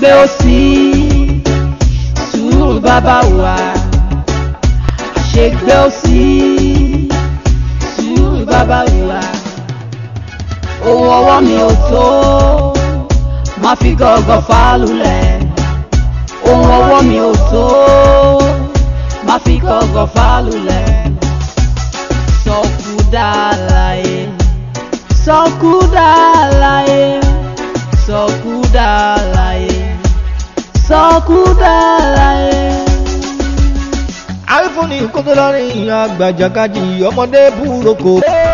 gbé òsì sùúrù bàbá wa àṣegbé òsì sùúrù bàbá wa owó ọwọ́ mi ò tó má fi gọ́gọ́ fálulẹ̀ ohun ọwọ́ mi ò tó má fi gọ́gọ́ fálulẹ̀ sọkú dáláyé sọkú dáláyé sọkú dáláyé sọkúdà láyé. àwífúnni kótó lọ́rin ìyá àgbàjàkájì ọmọdé búroko. Hey!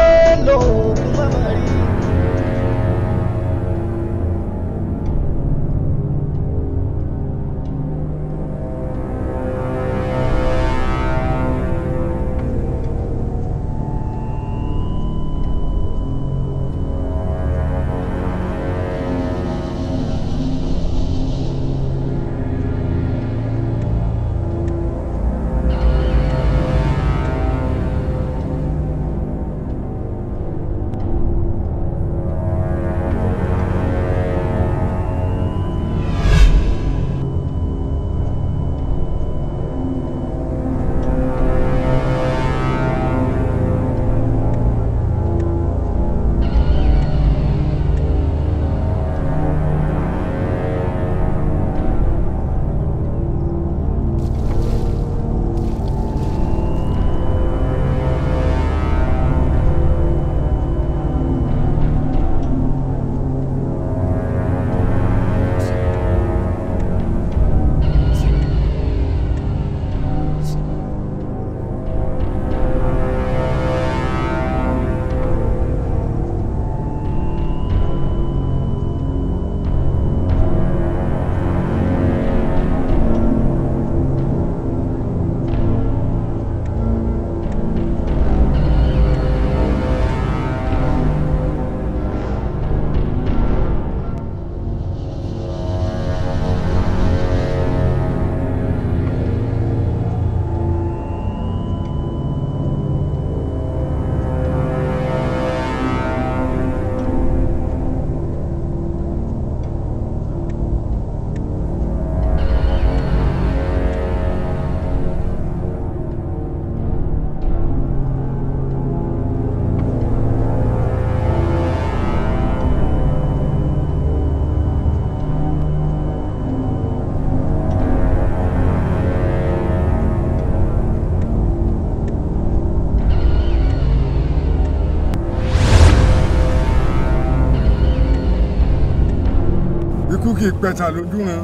kì í pẹ̀tà lójúran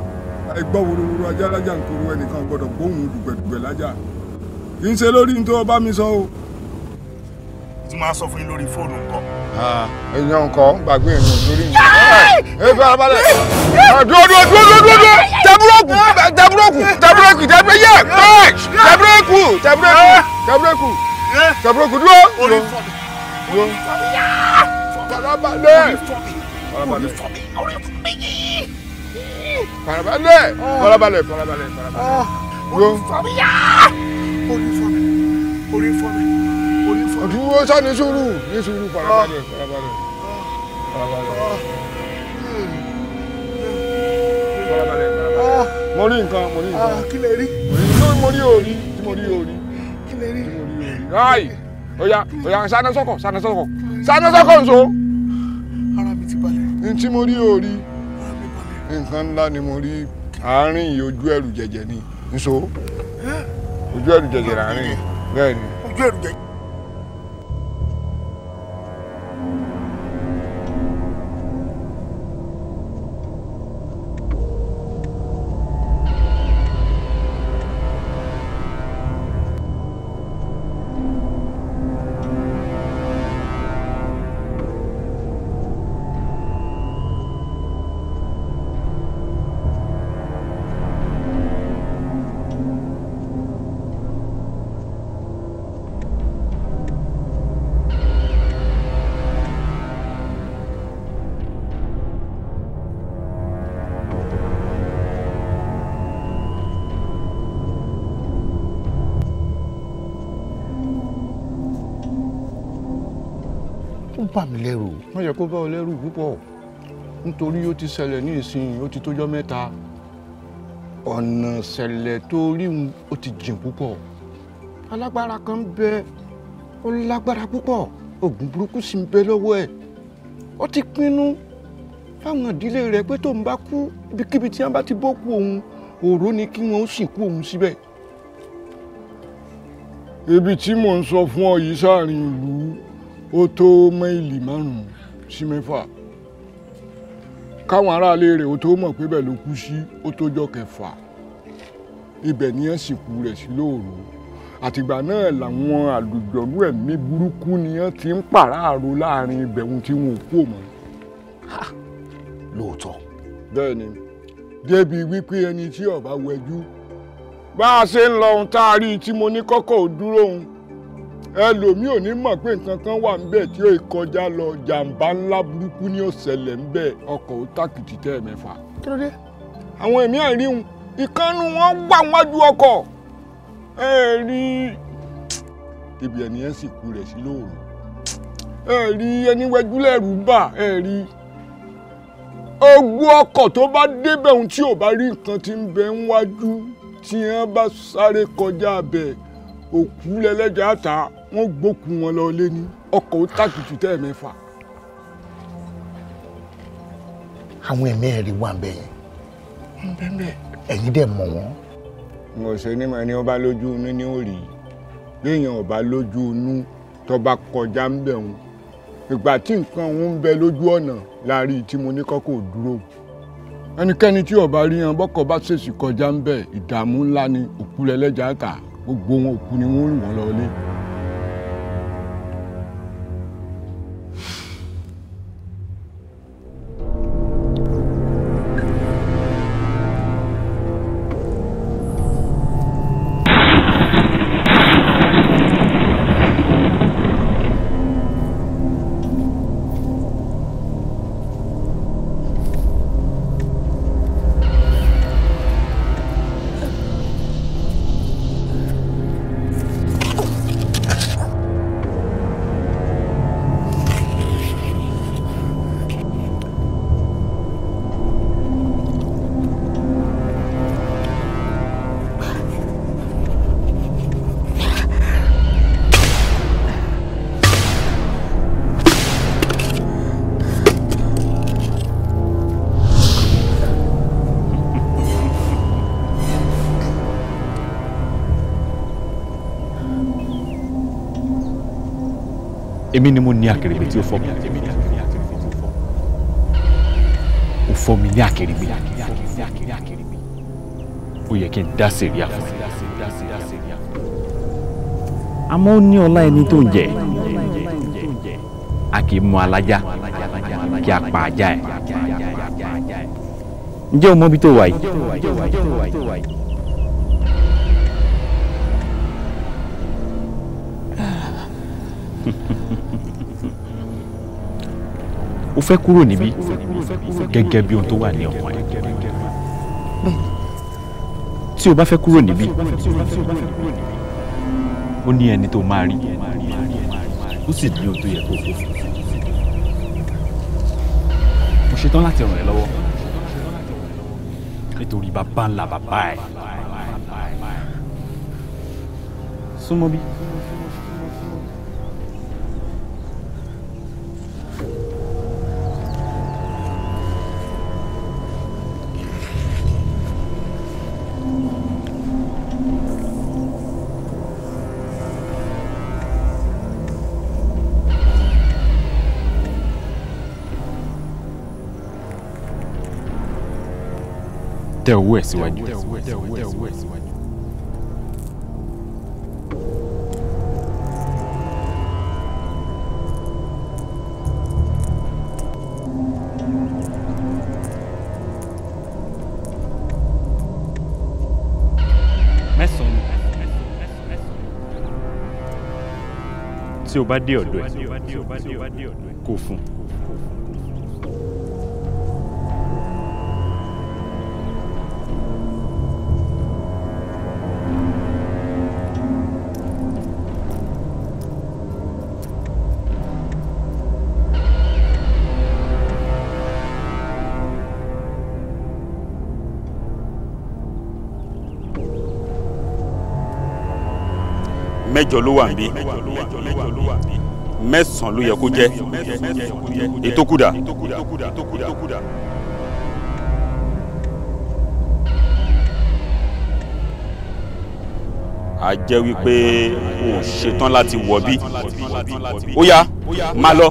àìgbọ́ wòrowòro ajálájà nítorí ẹnìkan gbọ́dọ̀ gbóhùn dùgbẹ̀dùgbẹ̀ lájà kì í ṣe lórí ní tó mi sọ o. tí máa sọ fún yín lórí fóònù nǹkan. èèyàn nǹkan gbàgbé ìrìn lórí mi. ẹ fara balẹ̀. dúró dúró dúró dúró dúró tẹbúrọ́kù tẹbúrọ́kù tẹbúrọ́kù tẹbúrọ́kù tẹbúrọ́kù tẹbúrọ́kù tẹbúrọ́kù tẹbúrọ́kù dúró. orí fọ́ mi orí fọ́ mi fara balẹ̀ orí fọ́ mi orí fọ́ mi farabalẹ̀ farabalẹ̀ farabalẹ̀ farabalẹ̀. orí fọ́ mi yá orí fọ́ mi orí fọ́ mi orí fọ́ mi. dúró sá ní sùúrù ní sùúrù farabalẹ̀ ah. Ah. Ah. farabalẹ̀ farabalẹ̀. farabalẹ̀ farabalẹ̀. mo rí nǹkan mo rí nǹkan. kí lè rí. mo rí orí tí mo rí orí. kí lè rí. ráì oya oya sanasoko, sanasoko, sáná sọ́kọ̀ sáná sọ́kọ̀ nso. ara mi ti balẹ̀. ntí mo rí orí nǹkan ńlá ni mo rí àárín yìí ojú ẹ̀rù jẹ̀jẹ̀ ni nso ojú ẹ̀rù jẹ̀jẹ̀ láàárín bẹ́ẹ̀ ni. ojú ẹ̀rù jẹ̀jẹ̀. lẹ́rù. má jẹ́ kó bá ọ lẹ́rù púpọ̀ nítorí ó ti ṣẹlẹ̀ ní ìsinyìí ó ti tójọ́ mẹ́ta ọ̀nà ṣẹlẹ̀ tó rí wọn ó ti jìn púpọ̀ alágbára kan bẹ ó lágbára púpọ̀ oògùn burúkú sì ń bẹ lọ́wọ́ ẹ̀ ó ti pinnu fáwọn ìdílé rẹ̀ pé tóun bá kú ibikíbi tí wọ́n bá ti bọ́ kú òun òró ni kí wọ́n ó sìnkú òun síbẹ̀ ibi tí mò ń sọ fún ọ yìí sáàrin ìlú ó tó máìlì márùn-ún sí mẹ́fà káwọn aráalé rẹ̀ ó tó mọ̀ pé bẹ́ẹ̀ ló kú sí ó tójọ́ kẹfà ibẹ̀ ni wọ́n sì kú rẹ̀ sí lóòrò àtìgbà náà làwọn àlùjọ̀nú ẹ̀mí burúkú ni wọ́n ti ń pàráàrò láàrin ibẹ̀ ohun tí wọn ò kú mọ́. lóòótọ́. bẹ́ẹ̀ ni débi wípé ẹni tí ọba wẹjú bá a ṣe ń lọ ohun tá a rí i tí mo ní kọ́kọ́ ò dúró òun ẹlòmíì ò ní mọ̀ pé nǹkan kan wà níbẹ̀ tí ó kọjá lọ jàǹbá ńlá burúkú ní òṣèlè ńbẹ ọkọ̀ ó tàkìtì tẹ́ ẹ̀ mẹ́fà. kí ló dé. àwọn ẹ̀mí àìríhun ìkànnì wọn gbà wájú ọkọ̀ ẹ rí ibi ẹni ẹ sì kú rẹ̀ sí lóòrùn ẹ rí ẹni wẹjúlẹ̀ rú bà ẹ rí ogún ọkọ̀ tó bá débẹ̀ ohun tí ò bá rí nǹkan tí ń bẹ ń wájú tí wọ́n bá sáré kọjá bẹ̀ òkú lẹ́lẹ́jà ta wọ́n gbókun wọn lọ lé ní ọkọ̀ ó tàkìtù tẹ́ mẹ́fà. àwọn ẹ̀mí ẹ̀ rí wà ń bẹ̀ yẹn. bẹ́ẹ̀ bẹ́ẹ̀. ẹ̀yin dẹ̀ mọ̀ wọ́n. n ò ṣe ní mọ̀ ẹni ọba lójú inú ni ó rí léèyàn ọba lójú inú tó bá kọjá ń bẹ̀ wọn ìgbà tí nǹkan òun ń bẹ lójú ọ̀nà láàrin tí mo ní kọ́kọ́ dúró ẹnikẹ́ni tí ọba rí yan bọ́kọ̀ bá ṣèṣì kọjá ń bẹ̀ ìdààmú ńlá ni òkú lẹ́lẹ́jà ta gbogbo wọn òkú ni wọ́n rìn wọ́n lọ lé. eminimu ni akiri biti ufomi ufomi ni akiri bi uye ki da seri afu amo ni ola eni to nje aki mu alaja ki apa e nje o mo bi to wa yi fẹ́ kúrò níbí gẹ́gẹ́ bí ohun tó wà ní ọmọ ẹ tí o bá fẹ́ kúrò níbí ó ní ẹni tó máa rí ó sì ní ohun tó yẹ kó kó mo ṣetán láti ràn ẹ́ lọ́wọ́ nítorí bàbá ńlá bàbá ẹ̀ súnmọ́ bí. the west one. The west, the west, the west one. tí o bá dé ọ̀dọ̀ ẹ̀ kò fún un. mẹ́jọ ló wà níbí mẹ́sàn ló yẹ kó jẹ́ ètò kùdà. a jẹ́ wípé o ṣetán láti wọ̀ bí ó yá má lọ.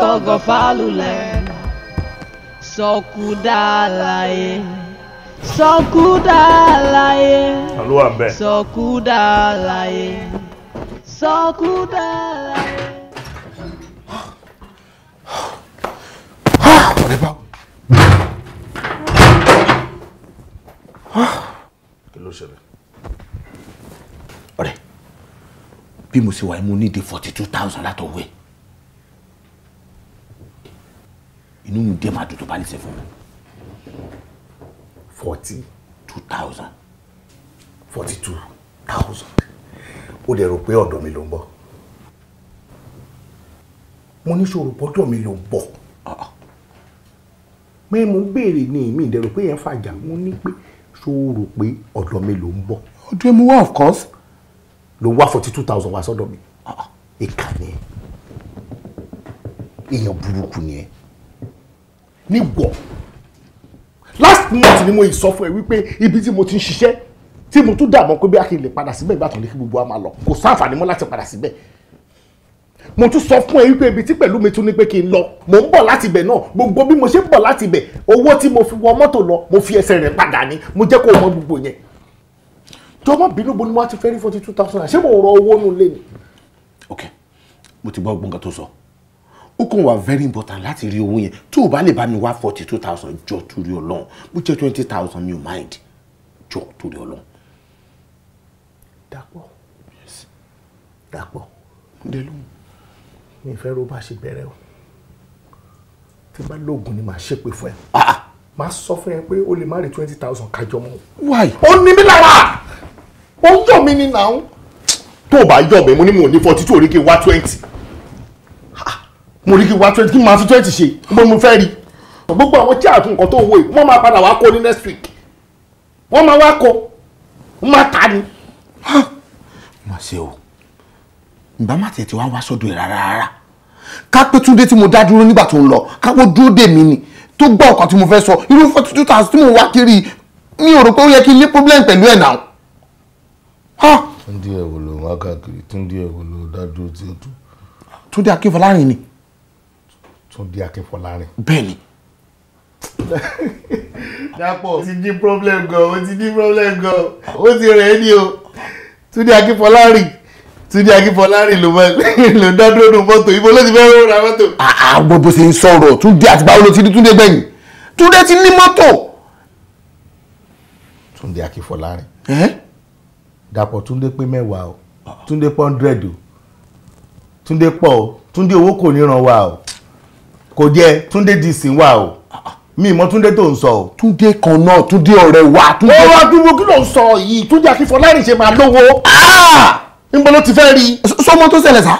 kɔgɔfalulɛ sɔkudalaye sɔkudalaye sɔkudalaye sɔkudalaye. kí ló ṣẹlẹ̀. ọ̀rẹ́ bí mo ṣe wà ní mo ní di forty two thousand látọ̀wé. inú mi dé máa dùn tó bá fún mi. forty two thousand. forty two thousand. ó dẹ̀ rò pé ọ̀dọ̀ mi ló ń bọ̀. mo ní sọ̀rọ̀ bọ́dọ̀ mi ló ń bọ̀. Ah, ah. mi mo béèrè ní èmi ìdẹ̀rù pé yẹn fàjà mo ní pé sọ̀rọ̀ pé ọ̀dọ̀ mi ló ń bọ̀. ọdún mi wá of course. ló wá forty two thousand wá sọ́dọ̀ mi. Ah, ìkànnì èèyàn burúkú ni ẹ ní wọ̀ last month ni mo yìí sọ fún ẹ wípé ibi tí mo ti ń ṣiṣẹ́ tí mo tún dààmú pé bí a kì í lè padà síbẹ̀ ìgbà tán lè kí gbogbo wa máa lọ kò sáǹfààní mọ́ láti padà síbẹ̀ mo tún sọ fún ẹ wípé ibi tí pẹ̀lú mi tún ní pé kí n lọ mò ń bọ̀ láti ibẹ̀ náà gbogbo bí mo ṣe ń bọ̀ láti ibẹ̀ owó tí mo fi wọ mọ́tò lọ mo fi ẹsẹ̀ rẹ̀ padà ní mo jẹ́ kó o mọ gbogbo yẹn jọba bínú bo ni mo ti fẹ́ rí forty two thousand ṣé mo rọ owó nù lé ni. ok mo ti gbọ́ gbọ́ngàn tó sọ ó kàn wá very important láti rí owó yẹn tó o bá lè bá mi wá forty two thousand jọ torí ọlọ́run bó jẹ́ twenty thousand mi mind jọ torí ọlọ́run. dàpọ̀ dàpọ̀ kúndé lóhùn mi fẹ́ ro bá ṣe bẹ̀rẹ̀ o tí bá lóògùn ni màá ṣépè fún ẹ ah, ah. màá sọ fún ẹ pé o lè má rí twenty thousand kájọ mọ́. wáyé ní mi lára ó yọ̀ mí ní nàá tó o bá yọ̀ mí mo ní mo ní forty two oríkì wá twenty mo rí kí wá twenty kí n máa fi twenty ṣe mo mo fẹ́ rí gbogbo àwọn tí àtún nǹkan tó ń wò yìí wọ́n máa padà wá kó ní next week wọ́n máa wá kó wọ́n máa ta ni. mà ṣe o ìgbà má tẹ̀ tí wàá wá sọ́dọ̀ ẹ̀ rárá rárá ká pé túndé tí mo dá dúró nígbà tó ń lọ káwọ́ dúró dè mí ni tó gbọ́ ọ̀kan tí mo fẹ́ sọ irú forty two thousand tí mo wá kiri mi ò rò pé ó yẹ kí n ní problem pẹ̀lú ẹ̀ náà. túndé ẹ̀ wò ló wá káàkiri túndé ẹ̀ wò ló dá dúró tí ó tó. túndé akínfọlárìn ni Túndé Akínfọlárìn. bẹ́ẹ̀ni. Dàpọ̀ o ti ní problem gan o ti ní problem gan o ti rẹ̀ ẹ́ ní o Túndé Akínfọlárìn Túndé Akínfọlárìn ló ló dádúró nu mọ́tò ibo ló ti fẹ́ rọra mọ́tò. àwọn bó ṣe ń sọ̀rọ̀ Túndé àti báwo ló ti rí Túndé gbẹ̀yìn Túndé ti ní mọ́tò. Túndé Akínfọlárìn. Dàpọ̀ Túndé pé mẹ́wàá o Túndé pọ́ńdírẹ́dì o Túndé pọ̀ o Túndé owó kò ní ràn wá o kò jẹ́ túndé di sìn wá o mi mọ túndé tó ń sọ o. túndé kan náà túndé ọ̀rẹ́ wa. ó wá dúró kí ló ń sọ yìí túndé akínfọlárin ṣe máa lówó. Ah! níbo ló ti fẹ́ rí. sọmọ tó ṣẹlẹ̀ sá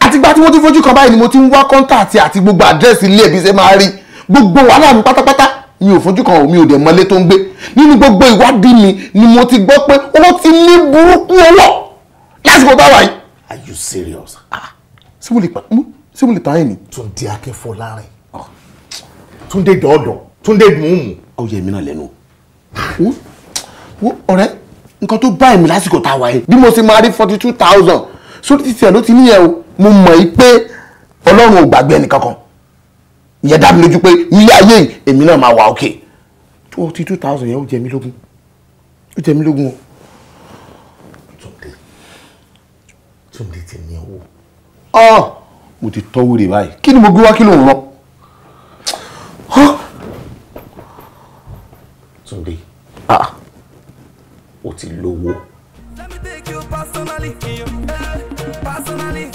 àtìgbà tí wọ́n ti fojú kan báyìí ni mo ti ń wá kọ́ńtàtì àti gbogbo àdírẹ́sì ilé ẹ̀bí ṣe máa rí gbogbo wàhálà mi pátápátá mi ò fojú kan mi ò dẹ̀ mọ́lé tó ń gbé nínú gbogbo ìwádìí mi ni mo ti gbọ́ pé owó ti ní burúkú owó lásìkò táwa yìí. are you serious? ah ṣé mo lè pa mo ṣé mo lè tàn yín ni. Túndé Akínfọlárin Túndé dọ̀ọ̀dọ̀ Túndé mùmù. ó yẹ mí náà lẹ́nu ọ̀rẹ́ nǹkan tó bá èmi lásìkò tá a wáyé bí mo ṣe máa rí forty two thousand sórí títí ẹ̀ ló ti níyẹn o mo mọ̀ yí pé ọlọ́run ò gbàgbé ẹnì kankan ìyẹn dá mi lójú pé ilé ayé yìí èmi náà máa wà òkè forty two thousand yẹn o jẹ mí lógún o jẹ mí lógún o. Túndé Túndé ti ní owó. ọ̀ o ti tọ́wọ́ rè báyìí kí ni mo gbé wá kí ló ń rán. Túndé o ti lówó. personally, personally.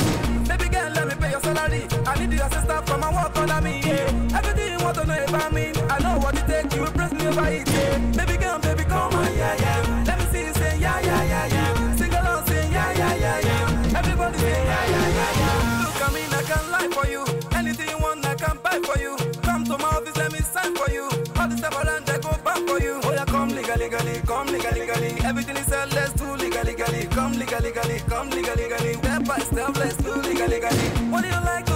come legally, legally. That part's down, let's do legally, legally. What do you like?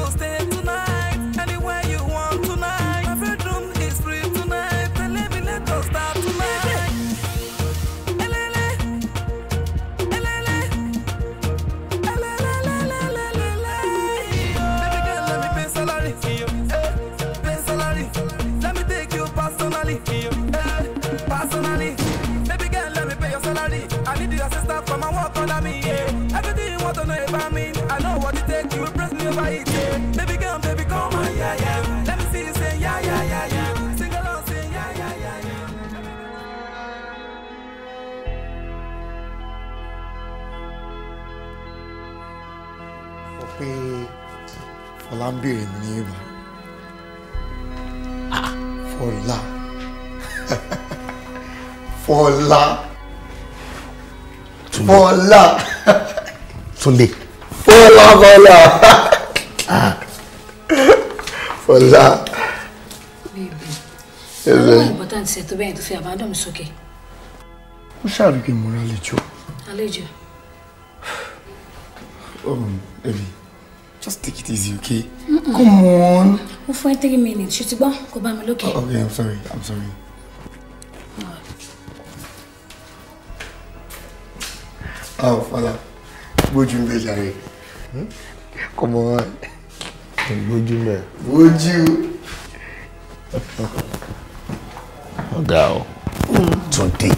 kọ́lá. Túnde. Fọlá kọ́lá. Fọlá. Bébì, ọlọ́wọ́ important ṣe tó bẹ́yìn tó fi àbádọ́ mi sókè. Ó ṣàrí pé mo rálejò. Àlejò. Um, oh, Bébì, just take it easy, okay? Come on. Mo fún ẹ three minutes, ṣùtúgbọ́n kò bá mi lókè. Oh, okay, I'm sorry, I'm sorry. ọ fọlá gbójú ń bẹ jàre kọmọ hmm? wọn. gbójú mẹ. gbójú. ọ̀gá o Túndé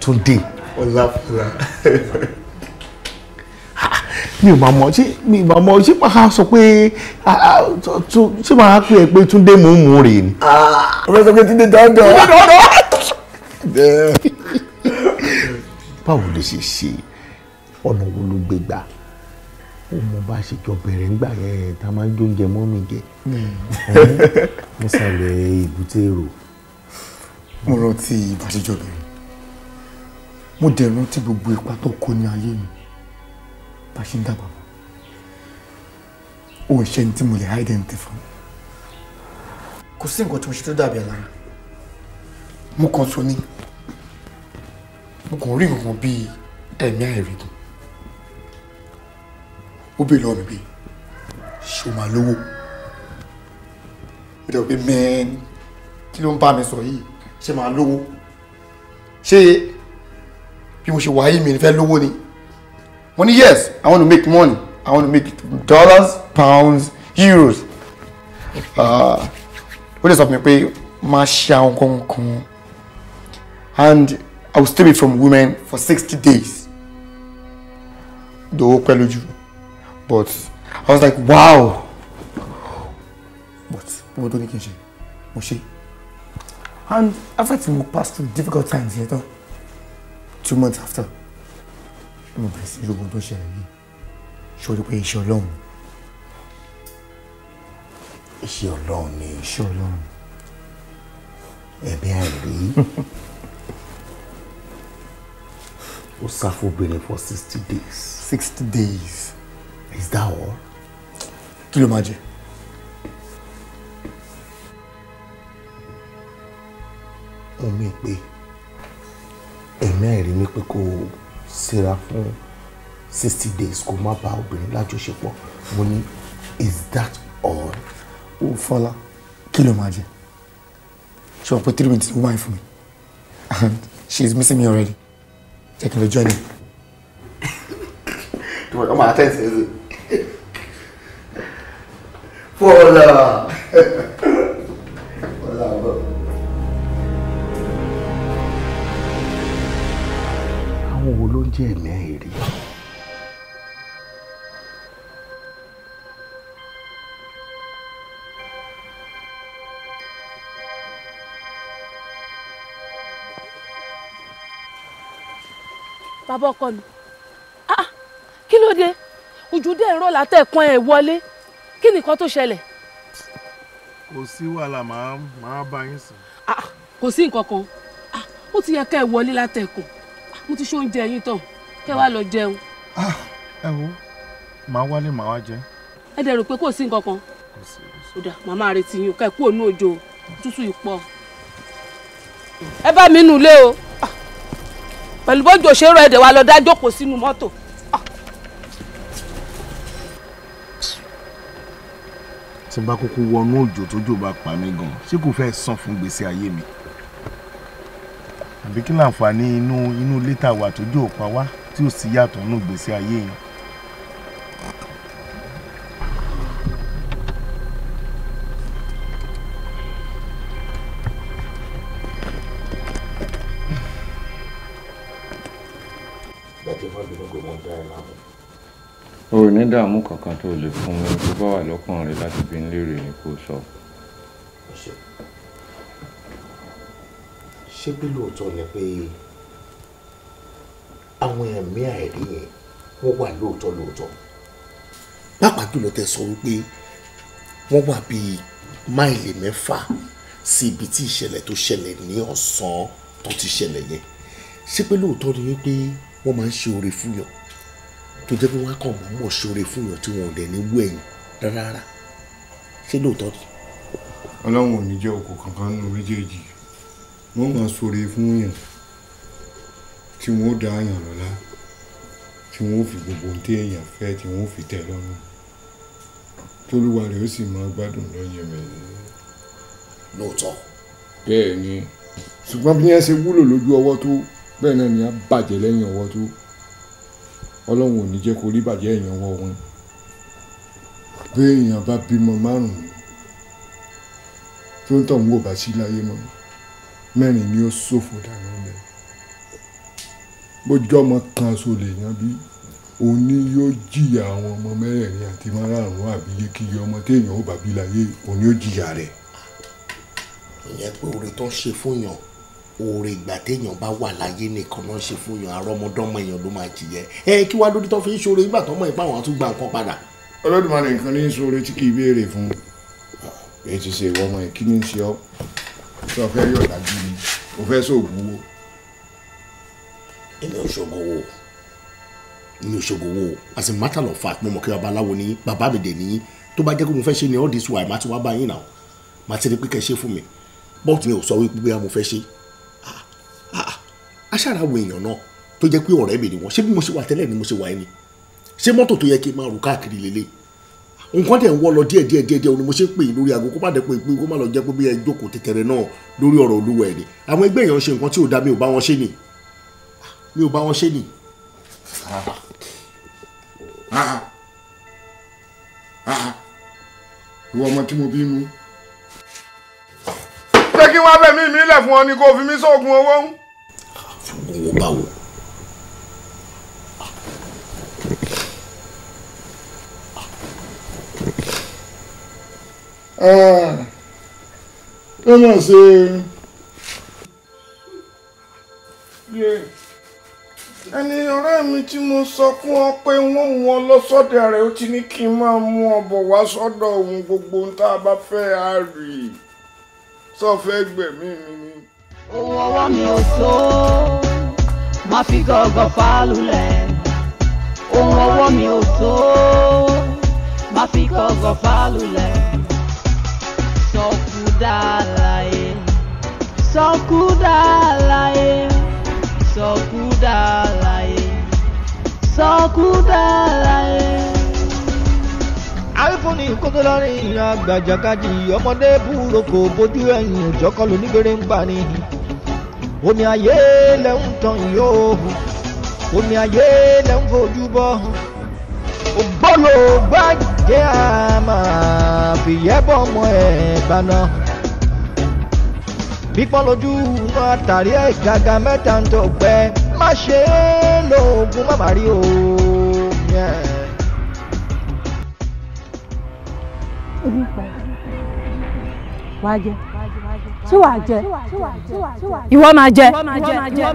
Túndé. ọlá fọlá. mi ò máa mọ ṣé mi ò máa mọ ṣé máa sọ pé ṣé máa pè é pé Túndé mò ń mú rè ni. Ah, ọ̀rẹ́ sọ pé Túndé dáńdọ̀. Túndé dáńdọ̀ báwo lè ṣe ṣe ọ̀nà wo ló gbé gbà ó mọ bá ṣe jọ bẹ̀rẹ̀ ńgbà yẹn tá a máa ń jó oúnjẹ mọ́ mi jẹ. nísàlẹ̀ hmm. ìbúté èrò. mo rántí ìbàṣẹjọ bẹ̀rẹ̀ mo dẹ̀ rántí gbogbo ipa tó kó ní ayé mi bá ṣe ń dàgbà mọ́ òun ṣe ní tí mo lè identify kò sí nǹkan tí mo ṣe tó dàbí ẹ̀ lára mo kàn sọ ní mo kàn rí nǹkan bíi ẹ̀mí àìrígun ó bèèrè lọ́wọ́ mi pé ṣé o máa lówó ó dẹ̀ pé mẹ́ẹ̀ẹ́ni kí ló ń bá mi sọ yìí ṣé máa lówó ṣé bí mo ṣe wà yìí mi fẹ́ lówó ni mo ní yes i want to make money i want to make dollars pounds euros ah, ó dẹ̀ sọ fún mi pé máa ṣe àwọn nǹkan and. I will stay away from women for 60 days. Though Peluju. But I was like, wow. But what do you think? Moshe. And after we passed through difficult times here, though. Two months after. Mo bẹ̀rẹ̀ sí ìrògùn tó ṣẹlẹ̀ yìí. Ṣòro pé iṣẹ́ alone. Iṣẹ́ Ọlọ́run ni. Iṣẹ́ Ọlọ́run. Ẹ̀bẹ̀ àìrí ó sáfù obìnrin for sixty days. sixty days. is that all. kí ló máa jẹ. mo mí pé ẹ̀mí àìrí mi pé kò síra fún sixty days kó má bá obìnrin lájọṣepọ̀ mo ní is that all. ó fọlá kí ló máa jẹ ṣé wàá pé three minutes ló wáyé fún mi and she is missing me already. Taking kí journey. lọ join yín. ọmọ àtẹ̀sí ẹ̀sìn fọlá fọlá bọ̀. àwọn wo ló ń jẹ́ àbọ̀kọ mi ah kí ló dé ojú dé ìró látẹ̀kùn ẹ̀ wọlé kí nìkan tó ṣẹlẹ̀. kò sí wàhálà màá màá bá yín sùn. ah kò sí nǹkan kan ah ó ti yẹ ká ẹ wọlé látẹ̀kùn ah, mo ti ṣe oúnjẹ yín tán kẹ́ wàá lọ jẹun. ah ẹ wo màá wálé màá wá jẹ. ẹ dẹ̀ rò pé kò sí nǹkan kan. kò sí kò dà màmá retí yín ká ẹ kú òun òjò tútù ìpọ. ẹ bá mi nù lé o pẹ̀lú bójú òṣèrò ẹ̀dẹ̀ wa lọ dá jókòó sínú mọ́tò. tí n bá kúkú wọnú òjò tójò bá pa mí gan ṣé kò fẹ́ẹ́ sàn fún gbèsè ayé mi àbí kí láǹfààní inú inú létà wà tójò pa wá tí ò sí yàtọ̀ nù gbèsè ayé yẹn o ní dààmú kankan tó lè fún mi tó bá wà lọ́kàn rẹ láti bí léèrè ni kò sọ. ṣé bí lóòótọ́ ni pé àwọn ẹ̀mí àìrí yẹn wọ́n wà lóòótọ́ lóòótọ́ pàápàá jùlọ tẹ sọ wípé wọ́n wà bíi máìlì mẹ́fà sí ibi tí ìṣẹ̀lẹ̀ tó ṣẹlẹ̀ ní ọ̀sán tó ti ṣẹlẹ̀ yẹn ṣé pé lóòótọ́ ni wípé wọ́n máa ń ṣe oore fún tó jẹ́ pé wọ́n kàn mọ́ mọ̀ ṣoore fún yàn tí wọ́n ò dẹ̀ ní wú ẹ̀yìn rárá ṣé lóòótọ́ ni. ọlọ́run ò ní jẹ́ òkú kankan nínú méjèèjì wọ́n máa ṣoore fún yàn tí wọ́n ó dá yàn lọ́lá tí wọ́n ó fi gbogbo ohun tí èèyàn fẹ́ tí wọ́n ó fi tẹ́ lọ́rùn tólúwa rẹ̀ ó sì máa gbádùn lọ́yẹ̀ mẹ́rin. lóòótọ́. bẹ́ẹ̀ ni ṣùgbọ́n bí wọ́n ṣe wúlò lójú ọwọ́ tó bẹ́ẹ̀ náà ni á bàjẹ́ lẹ́yìn ọwọ́ tó ọlọ́run ò ní jẹ́ kó rí bàjẹ́ èèyàn wọ wọn bí èèyàn bá bímọ márùn tó ń tàn wò bá sí láyé mọ́ mẹ́rin ni ó ṣòfò dànù lẹ̀ bójú ọmọ kan so lè yan bí òun yóò jìyà àwọn ọmọ mẹ́rẹ̀ẹ̀rin àti márààrún àbí yékiyé ọmọ téèyàn ó bá láyé òun yóò jìyà rẹ̀. ìyẹn pé oore ń ṣe fún yàn oore ìgbà téèyàn bá wà láyé nìkan náà ṣe fún yàn arọmọdọ́mọ èèyàn ló máa jìyẹ ẹ kí wàá lórí tó fi ń ṣoore ìgbà tó mọ ipá àwọn àtúgbà nǹkan padà. Olódùmarè nǹkan ní ṣoore tí kì í béèrè fún èyí ti ṣe ìwọ ọmọ yìí kí ni ṣe ọ tí o fẹ́ yọ̀ dájú ni o fẹ́ sóògùn wo. èmi ò ṣògo wo èmi ò ṣògo wo as a matter of fact mo mọ̀ kí babaláwo ni bàbá mi dè ní tó ni all this while màá ti wá báyìí náà màá ti rí pé kẹ́ ṣe mi aṣááráwọ èèyàn náà tó jẹ́ pé ọ̀rẹ́ mi ni wọ́n ṣé bí mo ṣe wà tẹ́lẹ̀ ni mo ṣe wà ẹni ṣé mọ́tò tó yẹ kí n máa rù káàkiri lélẹ̀ nǹkan tẹ̀ ń wọ́ lọ díẹ̀ díẹ̀ díẹ̀ díẹ̀ ni mo ṣe ń pè é lórí aago kó má dẹ̀ pé pé kó má lọ jẹ́ pé bí ẹ jókòó tẹ̀tẹ̀rẹ̀ náà lórí ọ̀rọ̀ olúwa ẹ̀ ni àwọn ẹgbẹ́ èèyàn ṣe nǹkan tí ò da mi ò bá wọn ṣe ni mi ò bá wọn ṣe ni. ìwọ ọmọ tí mo bí nu. ṣé kí wọ́n bẹ̀ mí mi lẹ̀ fún ọ ni kò fi mí sóògùn owó ń fọlọ́wọ́ báwo. ó mà ṣe ẹni ọ̀rẹ́ mi tí mo sọ fún ọ pé wọ́n mú ọ lọ sọ́dọ̀ rẹ̀ ó ti ní kí n máa mú ọ bọ̀ wá sọ́dọ̀ ohun gbogbo tá a bá fẹ́ a sọ fẹ́ gbẹ̀mí mi ni owó ọwọ́ mi ò tó má fi gọ́gọ́ fálulẹ̀ ohun ọwọ́ mi ò tó má fi gọ́gọ́ fálulẹ̀ sọkú dáláyé sọkú dáláyé sọkú dáláyé sọkú dáláyé àrífúnni kótólárì ìran àgbàjàkadì ọmọdé búroko bójú ẹ̀yìn òjọ́kọlù nígbèrè ń gbani omi ayé lẹ ń tan yóò omi ayé lẹ ń fojú bọ́ ògbólò gbàjẹ́ àmà fìyẹ́bọ̀ ọmọ ẹ̀ bana pípọ́n lójú wọn àtàrí ẹ̀ gàgà mẹ́ta ń tó pẹ́ má ṣe é lóògùn má má rí o. Yeah. ebi pa wàá jẹ tí wàá jẹ ìwọ máa jẹ ó yá jẹ ó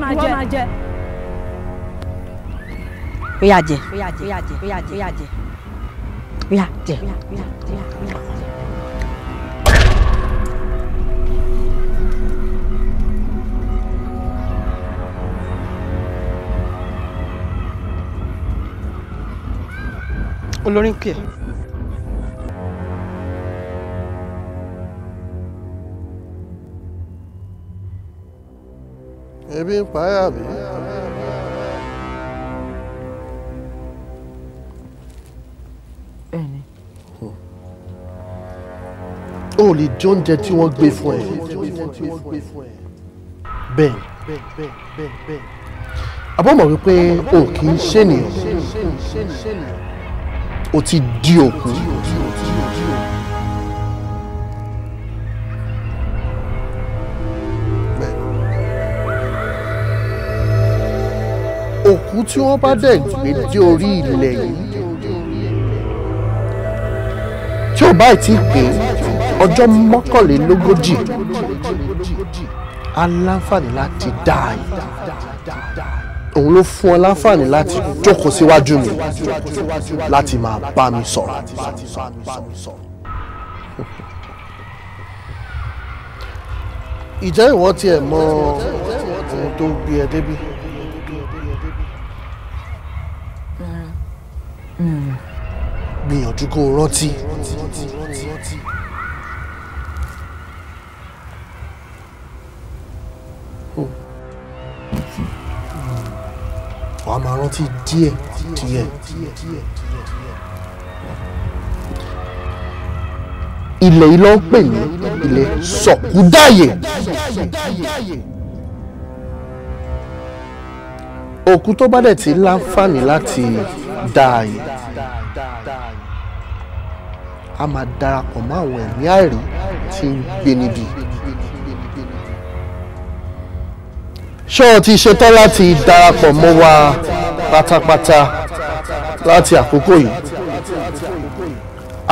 yá jẹ ó yá jẹ ó yá jẹ ó yá jẹ ó yá jẹ. olórin kìí. ebi ń pààyà bí. bẹ́ẹ̀ni. o lè jẹ oúnjẹ tí wọ́n gbé fún ẹ. bẹ́ẹ̀ àbọ̀ mọ̀ wípé o kì í ṣènìyàn o ti di òkú. ohun tí wọ́n bá dẹ̀ gbé dé orí ilẹ̀ yìí tí ò báyìí ti pé ọjọ́ mọ́kànlélógójì aláǹfààní láti dá yìí òun ló fún ọ láǹfààní láti jókòó síwájú mi láti máa bá mi sọ̀rọ̀. ìjẹ́ ìwọ tiẹ̀ mọ ohun tó gbé ẹ débi. ju kó o rántí. wàá máa rántí díẹ̀ díẹ̀. ilẹ̀ yìí ló ń pè ní ilẹ̀ sọ̀kúdàyè. òkú tó bá dẹ̀ ti láǹfààní láti dá àyè a máa darapọ̀ mọ́ àwọn ẹ̀mí àìrí tí ń gbé níbi. ṣé o ti ṣetán láti darapọ̀ mọ́ wa pátápátá láti àkókò yìí?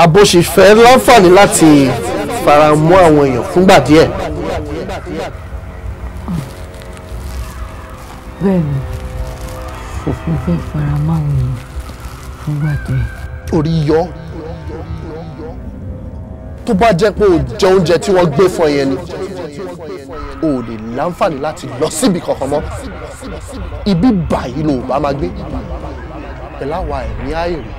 àbòṣìfẹ́ láǹfààní láti fara mọ́ àwọn èèyàn fúngbà díẹ̀. bẹ́ẹ̀ni mo fẹ́ fara mọ́ àwọn èèyàn fúngbà díẹ̀. orí yọ tó bá jẹ́ pé o jẹ oúnjẹ tí wọ́n gbé fún ẹyẹ ni o lè láǹfààní láti lọ síbi kankan mọ́ ibi báyìí ló bá máa gbé pẹ̀lú àwa ẹ̀mí àìrí.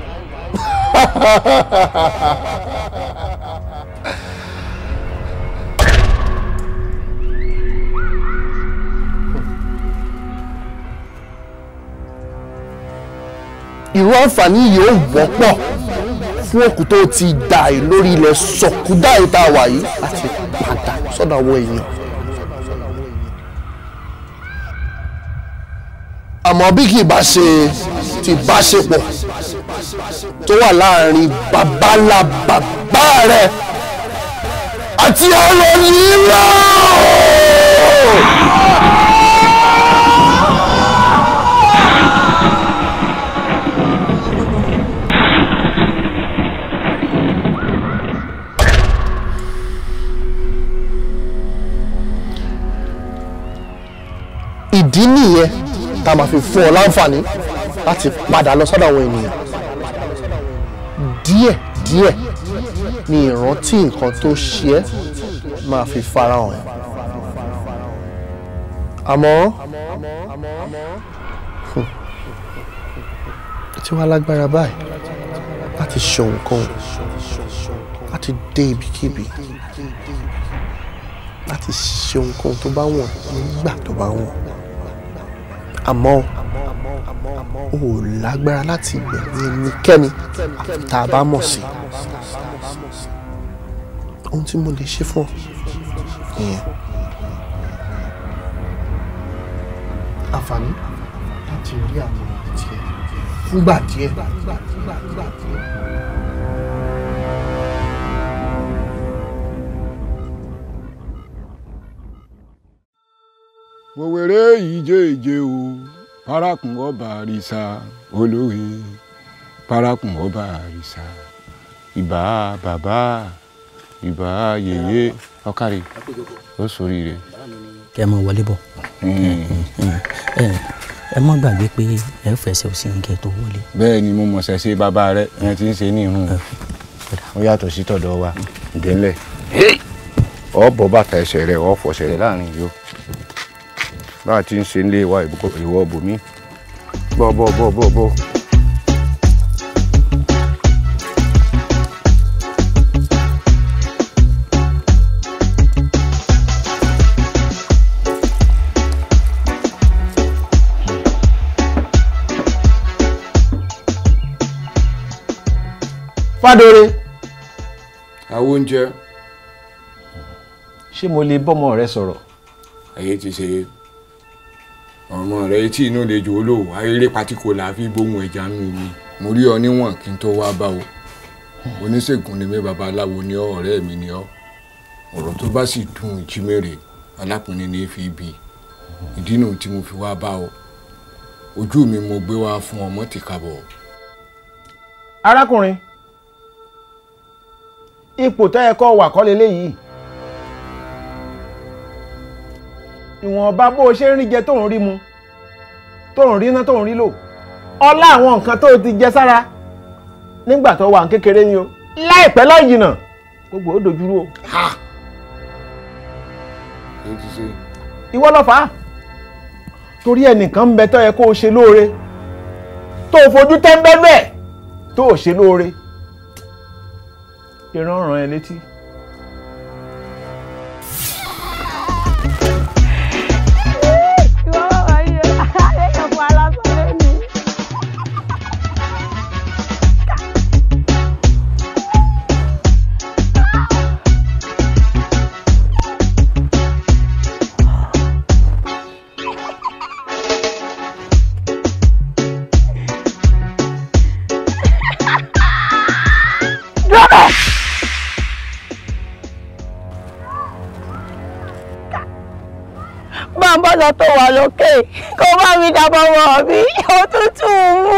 irú àǹfààní yìí ó wọ́pọ̀ fún òkú tó ti dà í lórí ilẹ̀ sọ̀kú dà í tá a wà yìí láti padà sọ́dọ̀ àwọn èèyàn. àmọ́ bí kì í bá ṣe ti báṣepọ̀ tó wà láàrin babalá bàbá àti ọ̀rọ̀ yìí náà. ìdí nìyẹn tá a máa fi fún ọ láǹfààní láti padà lọ sọ́dọ̀ àwọn ènìyàn díẹ̀ díẹ̀ ni ìrántí nǹkan tó ṣe é máa fi farahàn ẹ̀ àmọ́ tí wàá lágbára báyìí láti ṣe láti dé ibikíbi láti ṣe nǹkan tó bá wọ̀n nígbà tó bá wọ̀n àmọ́ o ò lágbára láti gbẹ̀mí ẹnikẹ́ni àfi tá a bá mọ̀ sí ohun tí mo lè ṣe fún ọ nìyẹn àǹfààní láti rí àwọn ìtìẹ fúngbà díẹ̀. wòwèrè ìjẹ ìjẹ o parakùn ọba àrìsà olóye parakùn ọba àrìsà ìbà bàbá ìbà yèyé ọkàrí ó sórí rẹ. kẹ́ mọ wọlé bọ̀ hmm. eh, eh, ẹ mọ gbàgbé pé ẹ fẹsẹ̀ òsì nǹkẹ́ tó wọlé. bẹ́ẹ̀ ni mo mọ̀ ṣẹ̀ṣẹ̀ bàbá rẹ̀ ẹ ti ń ṣe ní irun eh, ó yàtọ̀ sí tọ̀dọ̀ wa ìdẹ́lẹ̀ ọ bọ́ bàtà ẹsẹ̀ rẹ̀ ọ fọ̀ṣẹ̀ rẹ̀ láàrin yìí o bá a ti ń ṣe ń lé wa ìwọ bòmí bọ́ bọ́ bọ́ bọ́ bọ́. fádóore. àwọn oúnjẹ. ṣé mo lè bọ́mọ rẹ sọ̀rọ̀. ayé ti ṣe ọmọ rẹ etí inú lè jò ó lò ayéré pátíkò là á fi gbóhùn ẹja nù mí mo rí ọ níwọ̀n kí n tó wá bá o oníṣègùn ni mi babaláwo ni ọ ọ̀rẹ́ mi ni ọ ọ̀rọ̀ tó bá sì dùn ìjímèrè alákùnrin ní fi bí ìdí nù tí mo fi wá bá ọ ojú mi mo gbé wá fún ọmọ tí kábọ̀. arákùnrin ipò tẹ́ ẹ kọ́ wà kọ́ lélẹ́yìí ìwọ̀nba bó o ṣe ń rí jẹ tó ń rí mu tó ń rí ná tó ń rí lò ọlá àwọn nǹkan tó o ti jẹ sára nígbà tó wà ní kékeré ni o láìpẹ́ láì jìnà gbogbo ó dojúrú o. ìwọ ló fà á torí ẹnìkan ń bẹ tó yẹ kó o ṣe lóore tó o fojú tẹ́ńbẹ́lẹ́ tó o ṣe lóore ìran ràn létí. lọ tó wà lókè kó bá mi dábọ̀ wọ̀ mí òtútù mú.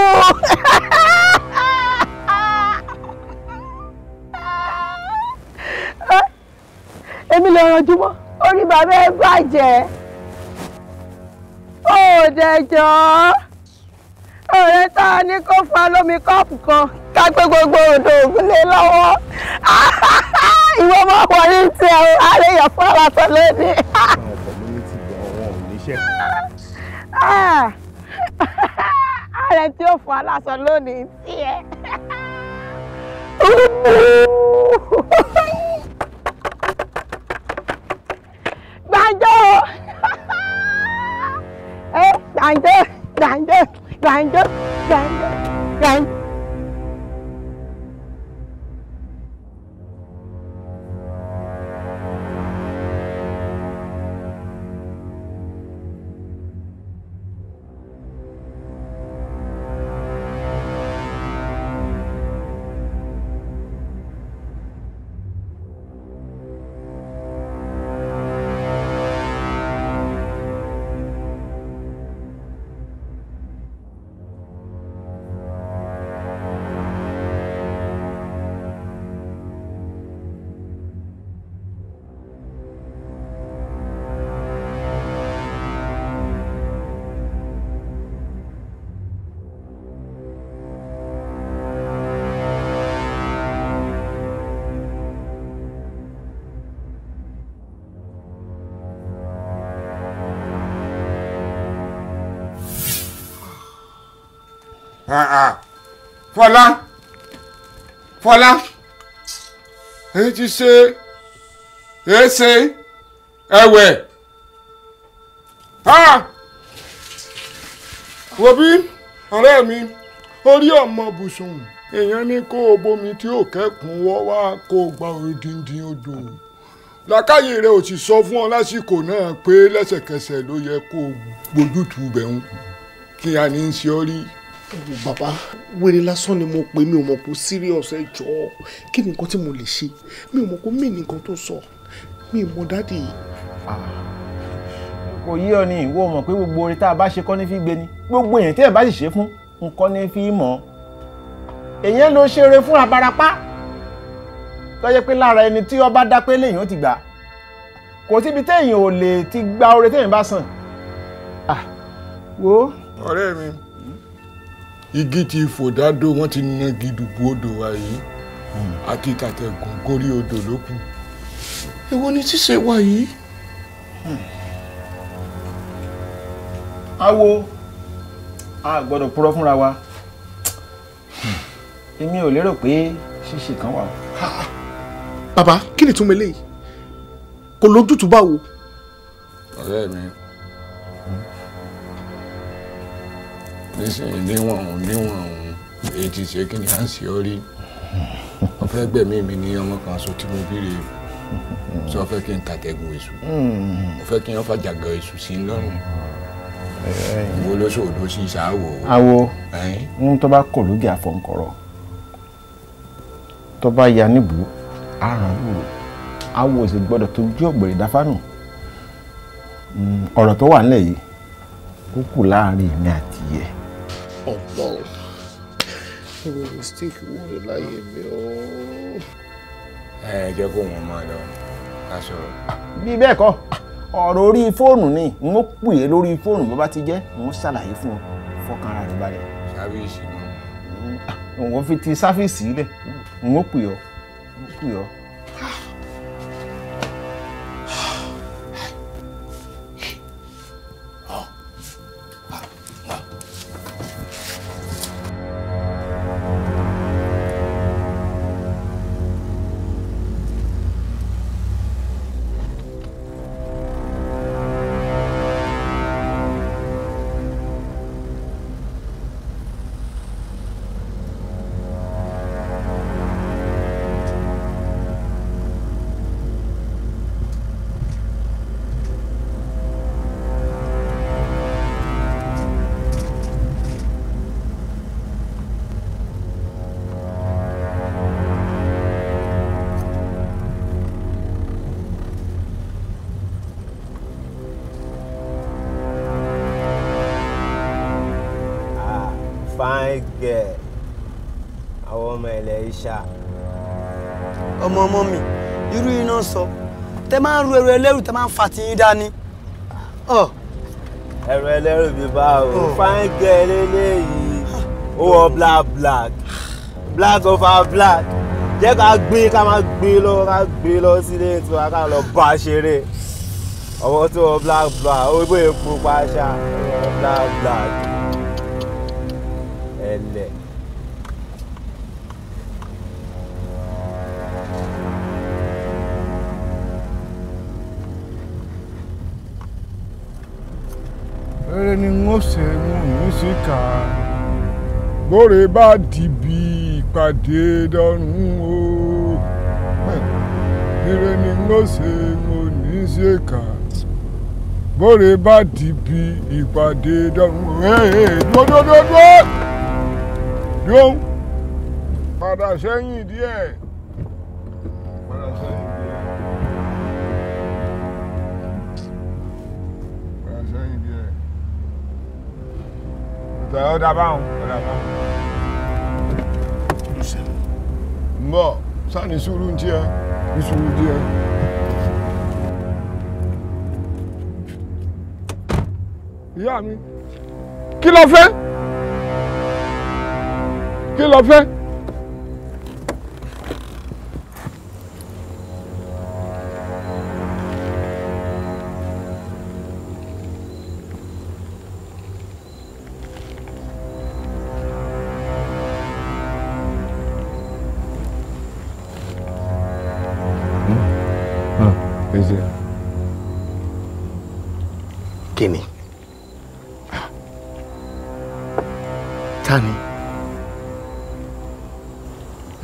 èmi lè ranjú mọ́ orí bàbá ẹ bàjẹ́ ó dẹjọ́ ọ̀rẹ́ tá a ní kó fa lómi kọ́ọ̀pù kan ká pé gbogbo odò ògùn lé lọ́wọ́ ìwọ máa wọlé tí àwọn aréyàn fún àlàtọ̀ lónìí ṣe. Ah! ààrẹ tí ó fún aláṣọ lónìí tí ẹ. gbàǹjọ́ ẹ gbàǹjọ́ eh, gbàǹjọ́ gbàǹjọ́ gbàǹjọ́ gbàǹjọ́. fọlá fọlá èyí ti ṣe èyí ṣe ẹ̀wẹ̀ ha wo bí ọ̀rẹ́ mi orí ọmọ bùsùn èèyàn ní kó o bomi tí ó kẹ́kùn wọ́ wá kó o gba odindin odò làkàyè rẹ ò sì sọ fún ọ lásìkò náà pé lẹ́sẹ̀kẹsẹ̀ ló yẹ kó o gbójútu bẹ̀rù kí a ní í ṣe ọ rí wò bàbá wèrè lásán ni mo pè mí ò mọ̀ kó serious ẹ jọ kí ni nǹkan tí mo lè ṣe mi ò mọ̀ kó mí nìkan tó sọ mi ò mọ̀ dáàdì. Ah, kò yí ọ ni ìwọ mọ̀ pé gbogbo orin tá a bá ṣe kọ́ ní fi gbé ni gbogbo èèyàn tí ẹ̀ bá sì ṣe fún nǹkan ní fi mọ̀ èèyàn ló ṣeré fún abarapá tọ́jẹ́ pé lára ẹni tí ọba dá pé léèyàn ti gbà kò síbi téèyàn ò lè ti gba oore téèyàn bá sàn. Ah, wo ọ̀rẹ́ mi igi ti fòdádó wọ́n ti na gidùgbò odò wa yìí àti tàtẹ̀gùn gorí odò ló kù èwo ni ṣíṣe wa yìí. awo a gbọ́dọ̀ purọ́ fúnra wa èmi ò lérò pé ṣíṣe kan wà. bàbá kí ni túmọ̀ eléyìí kò lójútùú báwo. ọ̀rẹ́ mi nísìnyí níwọ̀n òun níwọ̀n òun èyí ṣe kí ni à ń ṣe ọ rí wọ́n fẹ́ gbẹ̀mí mi ní ọmọ kan aṣọ tí mo bí rè sọ fẹ́ kí n tàtẹ́gùn èṣù mo fẹ́ kí n fàjà gan èṣù sí lọ́rùn wo ló ṣòdo sí ṣáàwò. awo ohun tó bá kò lóge àfọ̀nkọ̀rọ̀ tó bá ya níbù àrùn wò awo sì gbọ́dọ̀ tó jú ọ̀gbẹ̀rẹ̀ dáfánù hmm, ọ̀rọ̀ tó wà nílẹ̀ yìí ó láàrin èmi àti yẹ ọ̀pọ̀ ìwé mistake wọ́n rẹ̀ láyé mi o. ẹ jẹ́ kó wọn máa lọ ká sọ̀rọ̀. bí bẹ́ẹ̀ kọ́ ọ̀rọ̀ orí fóònù ni n ó pè é lórí fóònù bó bá ti jẹ́ n ó ṣàlàyé fún ọ fọkàn ara rẹ balẹ̀. sáfíìsì náà. òun fi ti sáfíìsì sílẹ̀ n ó pè ọ́ n ó pè máa ń ru ẹrù ẹlẹ́rù tẹ máa ń fa tiyín dání. ẹrù ẹlẹ́rù mi bá o fine girl eléyìí ó black black black over black jẹ́ ká gbé ká máa gbé lọ ká gbé lọ sílé ìtura ká lọ bá a ṣeré ọwọ́ tó wọ black black ó gbé epo pa ṣá black black. ni n ó ṣe mú mi bóre bá dìbì ìpàdé dọ́rùn o ire ni n ṣe mo ní bóre bá dìbì ìpàdé dọ́rùn o dúdúdúdú dúdú padà sẹ́yìn díẹ̀. tọ́ ọ dábàá òun ọ dábàá òun. mbọ sani sùúrù ń tiẹ ní sùúrù tiẹ. ìyá mi kí ló fẹ́ kí ló fẹ́.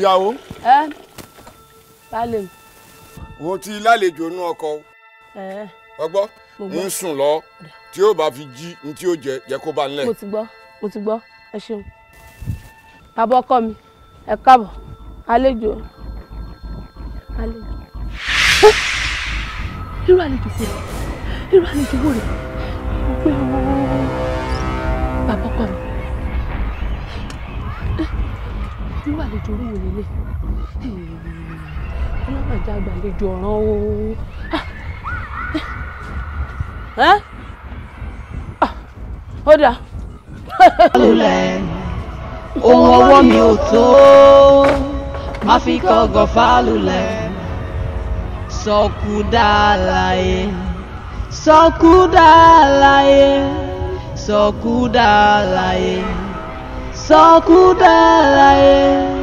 ìyàwó. ẹ lálẹ́ mi. wo ti lálejò inú ọkọ ọgbọ́ ń sùn lọ tí yóò bá fi jí ní tí yóò jẹ jẹ kó bá ń lẹ. mo ti gbọ́ mo ti gbọ́ ẹ ṣeun bàbá ọkọ mi ẹ káàbọ̀ àlejò àlejò irú àlejò kò rè irú àlejò wò rè mo pé ooo. àjòrò òun lè ọlọ́màjà àgbàlejò ọ̀ràn o. Ah. Eh? Ah. ó dà. ohun ọwọ́ mi ò tó má fi kọ́ gọ̀fà lulẹ̀ sọkú dáláyé sọkú dáláyé sọkú dáláyé sọkú dáláyé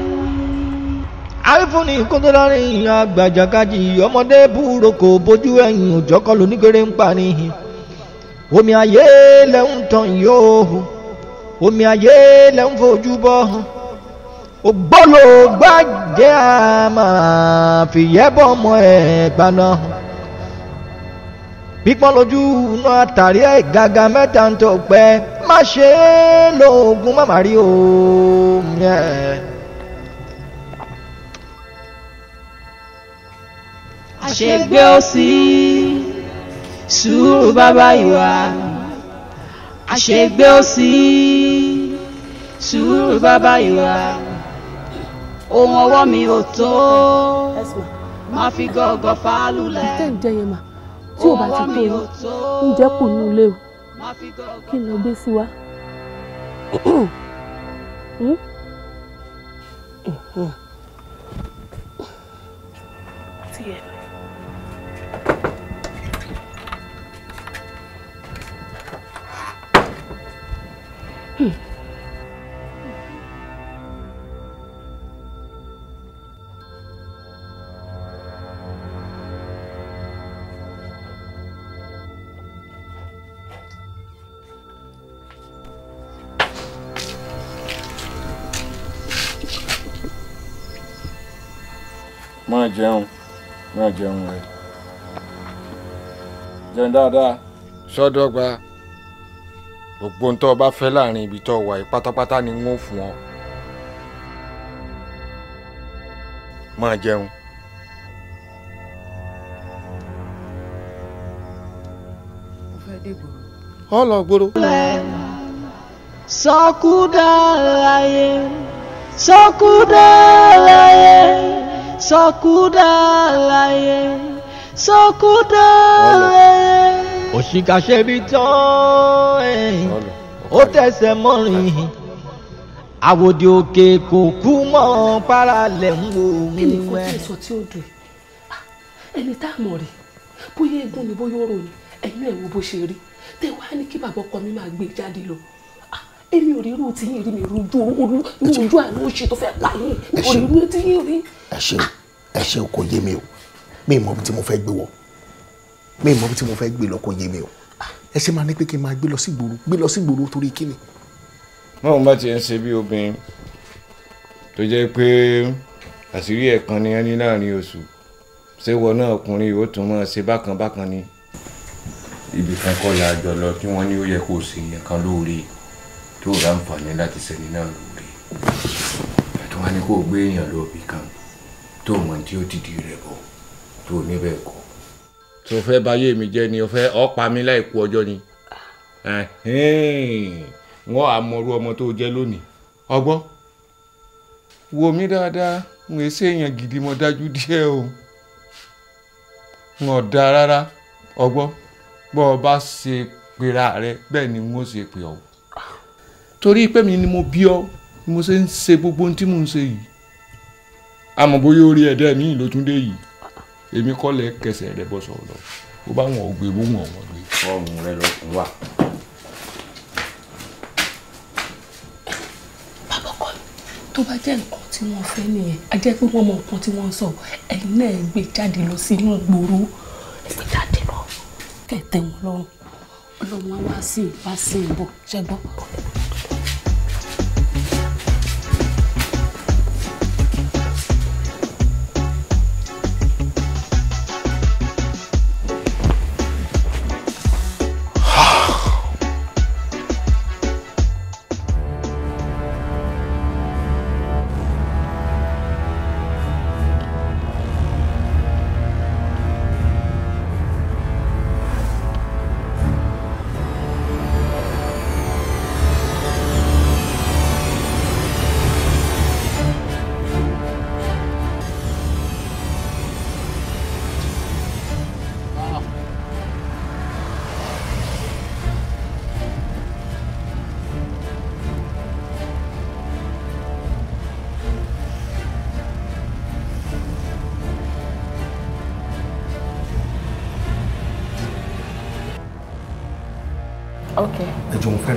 àìfúnni kúndínlárin ìyá gbàjàkadì ọmọdé búroko bójú ẹ̀yìn òjọ́kọ́ lóníkéré ń pa ni omi ayé lẹ́hún tán yóò omi ayé lẹ́hún fojú bọ́ ògbólógbàjẹ́ àmà fìyẹ́bọ̀ ọmọ ẹ̀ gbaná pípọ́n lójú inú àtàrí ẹ̀ gàgà mẹ́ta ń tọ́ pẹ́ má ṣe é lóògùn má má rí o. Yeah. àṣegbé ó sí sùúrù bàbá ìwà àṣegbé ó sí sùúrù bàbá ìwà ohun ọwọ́ mi ò tó má fi gọ́gọ́ fálulẹ̀ ohun ọwọ́ mi ò tó ǹjẹ́ kù ní ilé o kí n lọ gbé sí wa. Mm-hmm. máa jẹun máa jẹun rẹ jẹun dáadáa. sọdọgba gbogbo ń tó bá fẹ́ láàrin ibi tó wà yìí pátápátá ni wọ́n fún ọ. máa jẹun. mo fẹ́ dìbò. ọ lọ gbòòrò. sọkúdà láyé sọkúdà láyé sọkúdà láyé sọkúdà láyé òṣìkàṣe bí tán ó tẹsẹ̀ mọ́rin àwòdì òkè kò kú mọ́ paralẹ̀ ń wo òun wẹ́. èmi kò tí ì sọ tí ó dùn ah, ẹni tá a mọ̀ rè bóyá eégún ni bóyá orò ni ẹ̀yin ẹ̀ wo bó ṣe rí tẹ wá ní kí bàbá ọkọ mi máa gbé jáde lọ ah, èmi ò rí irú tí yín rí mi irú ojú olú ojú àná òṣì tó fẹ́ gbà yín mi ò rí irú tí yín rí. ẹ ṣeun ẹ ṣeun kò yé mi o mi ì mọ ibi tí mo fẹ́ gbé wọ mi ì mọ bí tí mo fẹ́ gbé lọ kò yé mi o ẹ ṣe máa ní pé kí n máa gbé lọ sí gbòòrò gbé lọ sí gbòòrò torí kíni. náà bá ti ń ṣe bí obìnrin tó jẹ́ pé àṣírí ẹ̀kan ni ẹni láàrin oṣù ṣé wọn náà ọkùnrin yóò tún máa ṣe bákan bákan ni. ibì kan kọ́ la jọ lọ tí wọ́n ní ó yẹ kó o ṣe yẹn kan lóore tó o ráǹfààní láti ṣẹni náà lóore ẹ̀tún wa ni kó o gbé èèyàn lọ ibì kan tó o mọ̀ tí ó ti rẹ̀ bọ̀ tó o níbẹ̀ kọ́ tó fẹ́ báyé mi jẹ́ ni o fẹ́ ọ́ pa mí láìkú ọjọ́ ni wọ́n á mọ̀rú ọmọ tó jẹ́ lónìí ọgbọ́n wo mi dáadáa n ò ṣe èèyàn gidi mo dájú díẹ̀ o n ò da rárá ọgbọ́n bọ́ ọ bá ṣe pera rẹ bẹ́ẹ̀ ni n ó ṣe pè ọ́ torí pé mi ni mo bí ọ ni mo ṣe ń ṣe gbogbo ohun tí mò ń ṣe yìí àmọ́ bóyá orí ẹ̀dá mi ló yìí èmi kọ́ lẹ kẹsẹ̀ rẹ bọ́ sọ̀rọ̀ lọ bó bá wọn ò gbé bó wọn ò wọn gbé. ọrùn rẹ lọ fún wa. bàbá ọkọ tó bá jẹ́ nǹkan tí wọ́n fẹ́ nìyẹn a jẹ́ pé wọ́n mọ nǹkan tí wọ́n ń sọ ẹ̀yin náà gbé jáde lọ sínú ìgboro gbé jáde lọ kẹ̀tẹ̀ wọn lọ́rùn ọlọ́run wá sí ìbá sí ìbò ṣẹ́gbọ́n.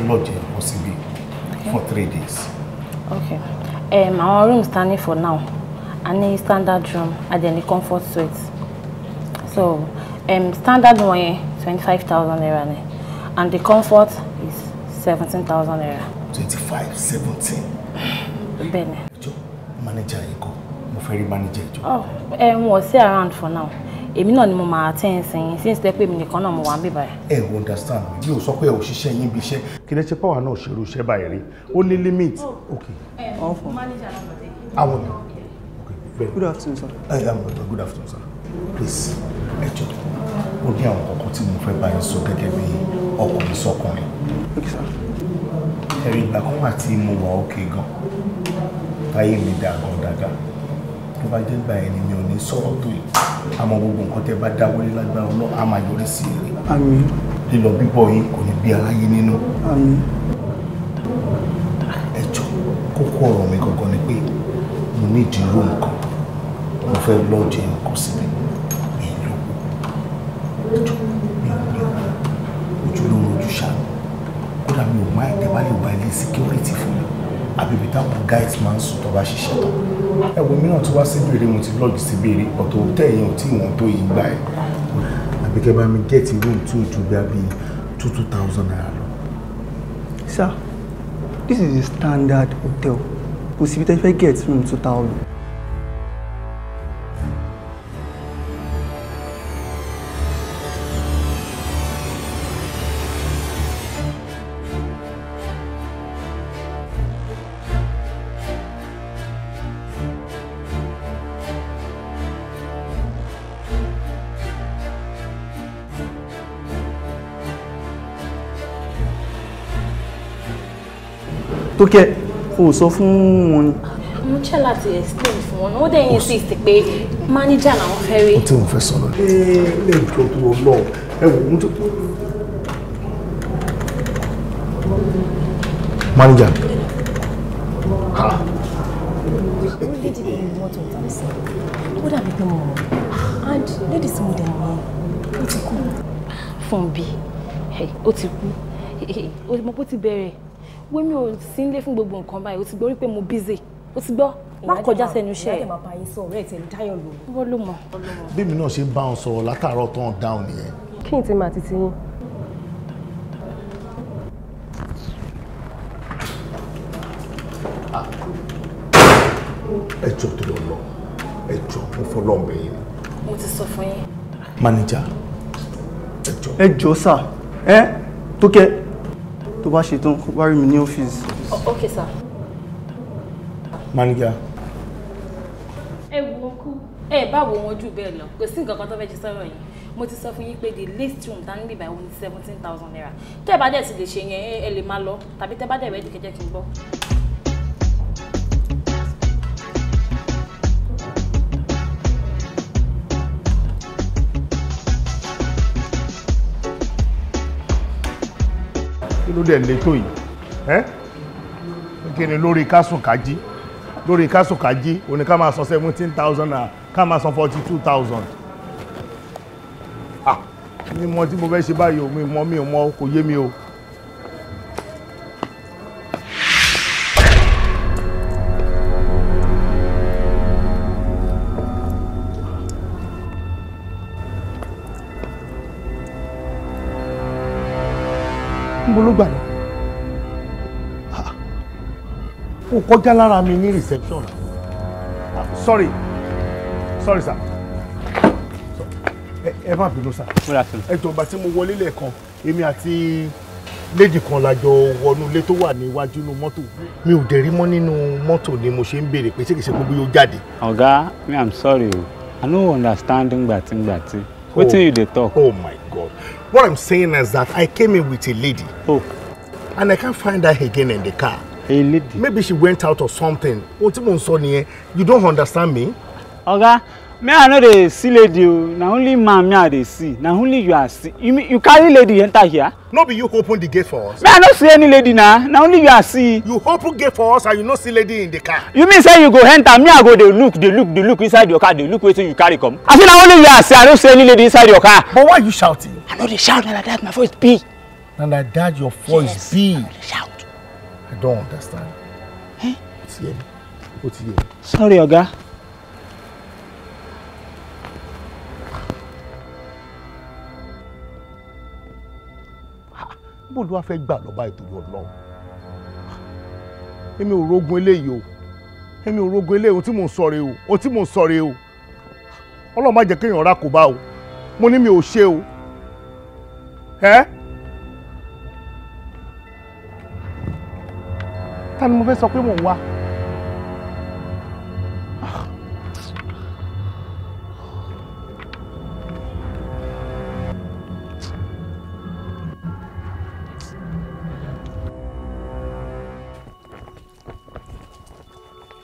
lodge wọn síbi for three days. okay um, our room is standing for now And ní standard room And then the comfort suite so um, standard one yẹn twenty five thousand naira and the comfort is seventeen thousand naira. twenty five seventeen. bẹ́ẹ̀ni. manager you go. mo fẹ́ rí manager ìjọ. ẹ wọn around for now èmi náà ni mo máa tẹ́ ẹ sẹ́yìn since tẹ́ pé mi nìkan náà mo wà ń bèbà ẹ̀. ẹ ò understand mi ò sọ pé ò ṣiṣẹ́ yín bí iṣẹ́ kí lẹ ṣe pọ́wà náà ṣerú iṣẹ́ báyìí rí ó ní limit. Oh, ok eh, ọ̀fọ̀ àwọn ni bẹ́ẹ̀. good afternoon sir. ẹ eh, ẹ um, good afternoon sir please ẹ jọ ó ní àwọn kọ̀ọ̀kan tí mo fẹ́ bá yín sọ gẹ́gẹ́ bí ọkùnrin sọkùnrin. ok sir. ẹ̀rí ìgbà kan wà tí mo wà ókè gan-an táyé mi dà gan-an dáadáa tó bá jẹ́ gbà yẹn ni mi ò ní sọ̀rọ̀ tó yìí àmọ́ gbogbo nǹkan tẹ́ bá dáwọ́lé lágbára ọlọ́ a máa yọrí sí èrè. àmín. lílọ bíbọ̀ yín kò ní bí aráyé nínú. àmín. ẹ jọ kókó ọ̀rọ̀ mi gangan ni pé mo ní ìdírò nǹkan mo fẹ́ lọ́ọ̀dì nǹkan síbẹ̀ mi ì lówó mi ò ní ojúlówó ojúṣàánú kódà mi ò má ẹ̀ tẹ́ bá síkírítì fún àbíbi táwọn guys máa ń sùn tó ṣiṣẹ́ tán ẹwọ mìíràn tí wá sí bèrè mo ti lọ́ọ̀gì sí bèrè ọ̀tọ̀ òtẹ́ yẹn ò ìwọ̀n tó yìí gbà ẹ̀ àbíkẹ́ bá mi gẹ́ẹ̀tì room tí ju bí abí two two thousand naira lọ. sir this is a standard hotel kò síbi tẹ́ fẹ́ gẹ̀ẹ́tì room two thousand. tó kẹ́ o sọ fún wọn ni. mo jẹ́ láti explain fún wọn wọ́n dẹ̀ insist pé manager làwọn fẹ́ rí. o tí mo fẹ́ sọ̀rọ̀ ẹ lẹ́yìn tó tó lọ ẹ wò ó tó. manager. Ha. ó dàbí pé mo ó ti kú. fún ó ti kú ti bẹ̀rẹ̀ wé mi ò sí nílé fún gbogbo nǹkan báyìí o ti gbọ́ wípé mo busy o ti gbọ́ má kọjá sẹ́nu iṣẹ́ ẹ̀. ìyá àdèmàpá yín sọ ọ̀rẹ́ ẹ̀ tẹ̀ ń dáyọ̀ lò. wọ́n ló mọ̀. bí mi náà ṣe ń bá wọn sọ̀rọ̀ látàárọ̀ tó ń dáhùn nìyẹn. kí n ti máa ti ti yín. Ah. ẹ jọ tó lọ lọ ẹ jọ mo fọlọ ọmọ yìí. mo ti sọ fún yín. manager ẹ jọ. ẹ jọ sà ẹ tó tó bá ṣetán kó bá rí mi ní ọ́fíìsì. ok sir. manager. ẹ wo kú ẹ bá wo wọn jù bẹ́ẹ̀ lọ kò sí nǹkan kan tó fẹ́ ṣe sọ̀rọ̀ yìí mo ti sọ fún yín pé the least room tá níbi ìbáwọ̀ ní seventeen thousand naira tẹ́ ẹ bá dẹ̀ sì lè ṣe yẹn ẹ lè máa lọ tàbí tẹ́ bá dẹ̀ rẹ́ẹ̀dì kẹjẹ́ kí n gbọ́. ló dẹ̀ lè tó yìí ẹ́ kí ni lórí kásùn kájí lórí kásùn kájí òní ká máa san seventeen thousand naira ká máa san forty two thousand ah mi mọ tí mo fẹ́ ṣe báyìí o mi mi ò mọ kò yé mi o. mo ló gbà lọ ó kọjá lára mi ní reception sorry sorry sir ẹ má bínú sir ẹ jọ̀ọ́ ìgbà tí mo wọlé lẹ́ẹ̀kan èmi àti lédì kan la jọ wọnú ilé tó wà níwájú inú mọ́tò mi ò dẹ̀ rí mọ́ nínú mọ́tò ni mo ṣe ń béèrè pé ṣégeṣe gbogbo yóò jáde. ọ̀gá me i'm sorry o i no understand ngbàtí ngbàtí wetin you dey talk. oh my God. What I'm saying is that I came in with a lady. Oh. And I can't find her again in the car. A lady? Maybe she went out or something. You don't understand me? okay me i no dey see lady o oh. na only man me i dey see na only you i see you you carry lady enter here. no be you open the gate for us. me i no see any lady na na only you i see. you open gate for us and you no see lady in the car. you mean say you go enter me i go dey look dey look dey look inside your car dey look wetin you carry come. i say na only you i see i no see any lady inside your car. but why you shouting. i no dey shout na like that my voice big. na like that your voice yes, big. yes i no dey shout. i don understand. Eh? o ti yẹ sorry oga. Okay. bó ló wá fẹ́ gbà lọ́ba ìtòlú ọlọ́run èmi ò rogun eléyìí o èmi ò rogun eléyìí o tí mò ń sọre o o tí mò ń sọre o ọlọ́run má jẹ́ kéèyàn rà kó bá o mo ní mi ò ṣe o ẹ́ ta ni mo fẹ́ sọ pé mò ń wá.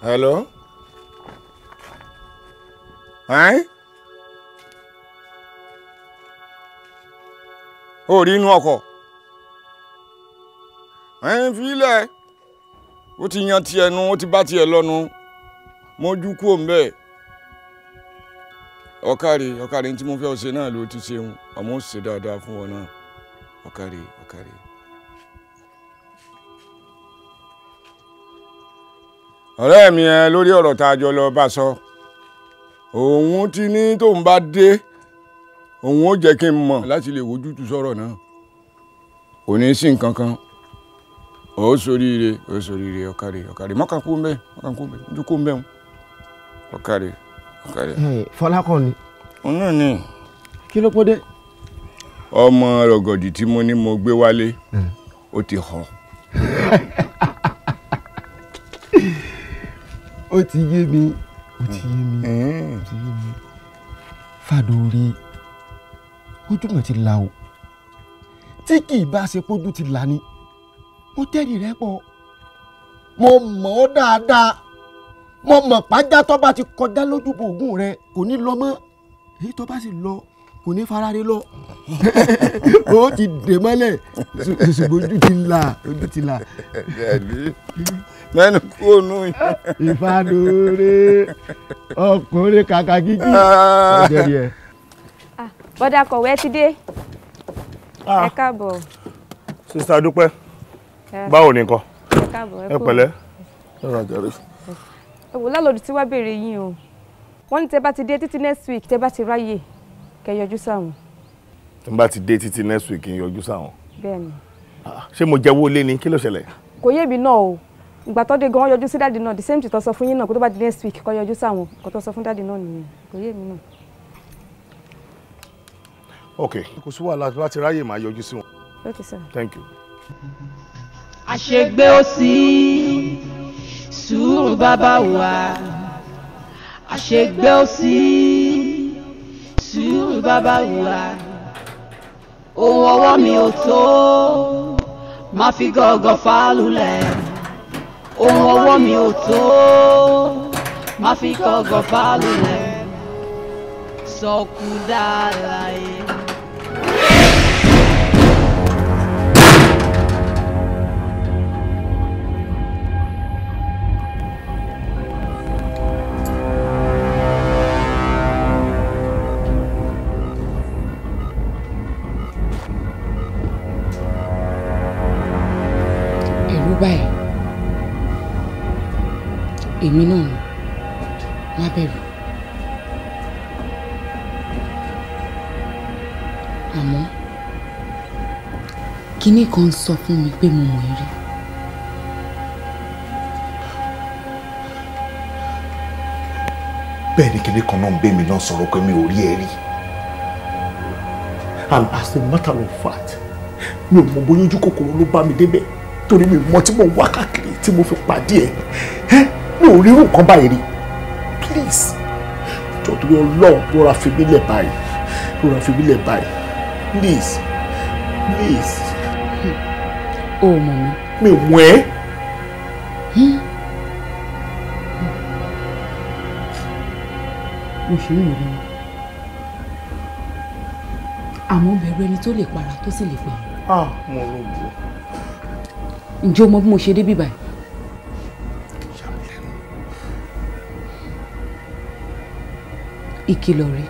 Hello? Ẹ́n? O rí inú ọkọ̀. Ẹ́n fílẹ̀. Ó ti yan tiẹ̀ nu, ó ti bá tiẹ̀ lọ́nu. Mójú kúò ń bẹ̀. Ọ̀kàrí ọ̀kàrí tí mo fẹ́ ọ ṣe náà ló ti ṣeun. Àmọ́ ó ṣe dáadáa fún ọ náà. Ọ̀kàrí ọ̀kàrí. ọ̀rẹ́ mi ẹ lórí ọ̀rọ̀ tá a jọ lọ bá sọ òun ti ní tóun bá dé òun ó jẹ́ kí n mọ̀ láti lè wojútu sọ̀rọ̀ náà kò ní sí nǹkan kan ó ṣoríire ó ṣoríire ọ̀kàrè ọ̀kàrè mọ́kà kú mbẹ́ mọ́kà kú mbẹ́ ojú kú mbẹ́ ọ̀kàrè ọ̀kàrè. fọlákọ ni. òun náà ni. kí ló pọ́ dé. ọmọ rọgọdì tí mo ní mo gbé wálé hmm. ó ti hàn. ó ti yé mi ó ti yé mi ó ti yé mi fàdóore ojú mi ti la o tí kì í bá ṣe pójú ti là ni mo tẹ́rì rẹ pọ̀ mo mọ̀ ọ́ dáadáa mo mọ̀ pàjá tó bá ti kọjá lójúbọ ògùn rẹ kò ní lọ mọ́ èyí tó bá sì lọ kò ní farare lọ o ti dè mọ́lẹ̀ ṣùgbọ́n ojú ti la, ojú ti la. mẹ́nu kú ònú yìí. ìfàdóore ọkùnrin kàkà kíkì ah. ọjọ́ rí ẹ. Ah, bọ́dà kọ̀wé ti dé ah. ẹ káàbọ̀. sista dúpẹ́ báwo ni nǹkan ẹ pẹ̀lẹ́ ẹ rajà rẹ. ẹ̀wò lálọ́dún tí wàá béèrè yín o wọ́n ní tẹ́ bá ti dé títí next week tẹ́ bá ti ráyè kẹ́ yọjú sáwọn. tí n bá ti dé títí next week n yọjú sáwọn. bẹ́ẹ̀ni. Ah, ṣé mo jẹ́wọ́ lé ni kí ló ṣẹlẹ̀. kò yé mi náà o ìgbà tó dé gan yọjú sí dáàdi náà the same thing tó sọ fún yín náà kó tó bá di next week kó yọjú sáwọn kó tó sọ fún dáàdi náà nìyẹn kò yé mi náà. ok kò sí wàhálà tó bá ti ráyè máa yọjú sí wọn. ok sir. thank you. àṣegbé ó sí sùúrù bàbá wa àṣegbé ó sí sùúrù bàbá wùrà ohun ọwọ́ mi ò tó má fi gọ́gọ́ fálulẹ̀ ohun ọwọ́ mi ò tó má fi gọ́gọ́ fálulẹ̀ sọkúdà láyé. báyìí èmi náà ni má bẹ̀rù àmọ́ kinní kan sọ fún mi pé mo mọ̀ ẹ́ rí. bẹ́ẹ̀ ni kinní kan náà ń bẹ́ mi náà sọ̀rọ̀ pé mi ò rí ẹ rí and as a matter of fact mi ò mọ bóyá ojú kòkòrò ló bá mi débẹ̀ torí mi mọ tí mo wá káàkiri tí mo fi pàdé ẹ ẹ mi ò rí irú nǹkan báyìí rí please jọ̀dúró ọlọ́run rọra fi mí lẹ̀ báyìí rọra fi mí lẹ̀ báyìí please please. o ò mọ̀ mi. mi ò mọ̀ ẹ́. Hmm. mo ṣe ń lò lọ́wọ́ àmọ́ bẹ̀rù ẹni tó lè para tó sì lè pẹ̀lú. ah mo rò ó ǹjẹ́ o mọ bí mo ṣe dé bí báyìí. ìkìlọ̀ rèé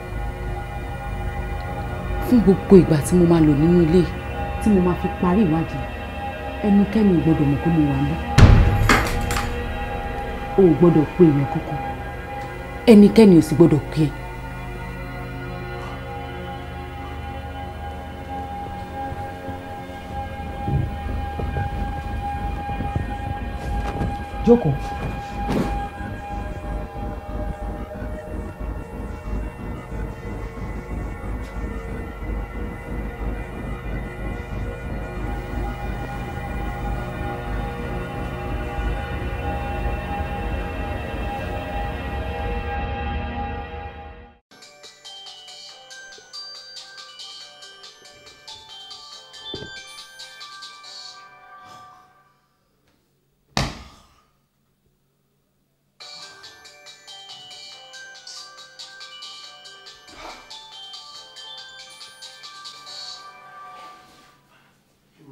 fún gbogbo ìgbà tí mo máa lò nínú ilé tí mo máa fi parí ìwádìí ẹnikẹ́ni gbọ́dọ̀ mọ̀ pé mo wà lọ o ò gbọ́dọ̀ pe èèyàn kankan ẹnikẹ́ni ò sì gbọ́dọ̀ pe ẹ̀. jókòó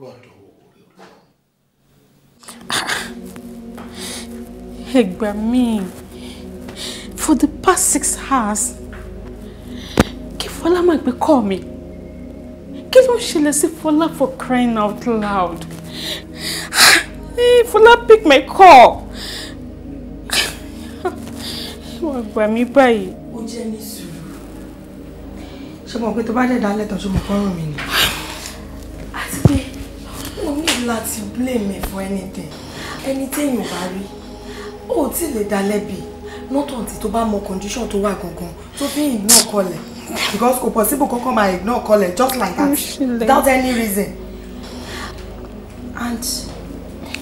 wà lọ́wọ́ orí ọlọ́run. ẹ gbà for the past six hours kí Fọlá máa gbé kọ́ mi kí ló ń ṣẹlẹ̀ sí Fọlá for crying out loud ah, eh, Fọlá pick my call wọ́n gbà mí báyìí. ó jẹ́ ní sùúrù ṣé mo pé tó bá dẹ̀ dálẹ̀ tán ṣé mo kọ́ rùn ni láti blame me for anything ẹni téèyàn bá rí ó tí lè dá lẹ́bi nọ́tàn tí tó bá mọ condition tó wà gangan tó fi ignore kọlẹ̀ because kò possible kankan máa ignore kọlẹ̀ just like that without any reason and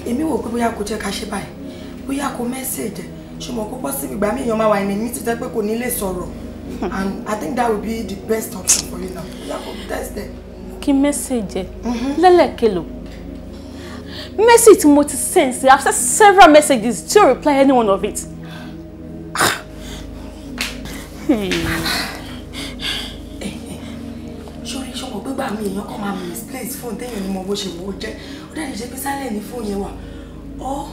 èmi wò pé bóyá kò jẹ́ ká ṣe báyìí bóyá kò message ṣùgbọ́n kó possible ìgbà míì èèyàn máa wà ní ní ti jẹ́ pé kò ní lè sọ̀rọ̀ and I think that will be the best option for you now bóyá kò test it. kí message ẹ mm-hmm. lẹ́lẹ̀kẹlò message tí mo sense. I've sent several messages tí reply any one of it. ṣorí ṣọwọ́ gbégbá mi èèyàn kan máa misplace fóònù téèyàn ni mo bó ṣe wò ó jẹ́ ó dẹ̀ lè jẹ́ pé sálẹ̀ ní fóònù yẹn wà ó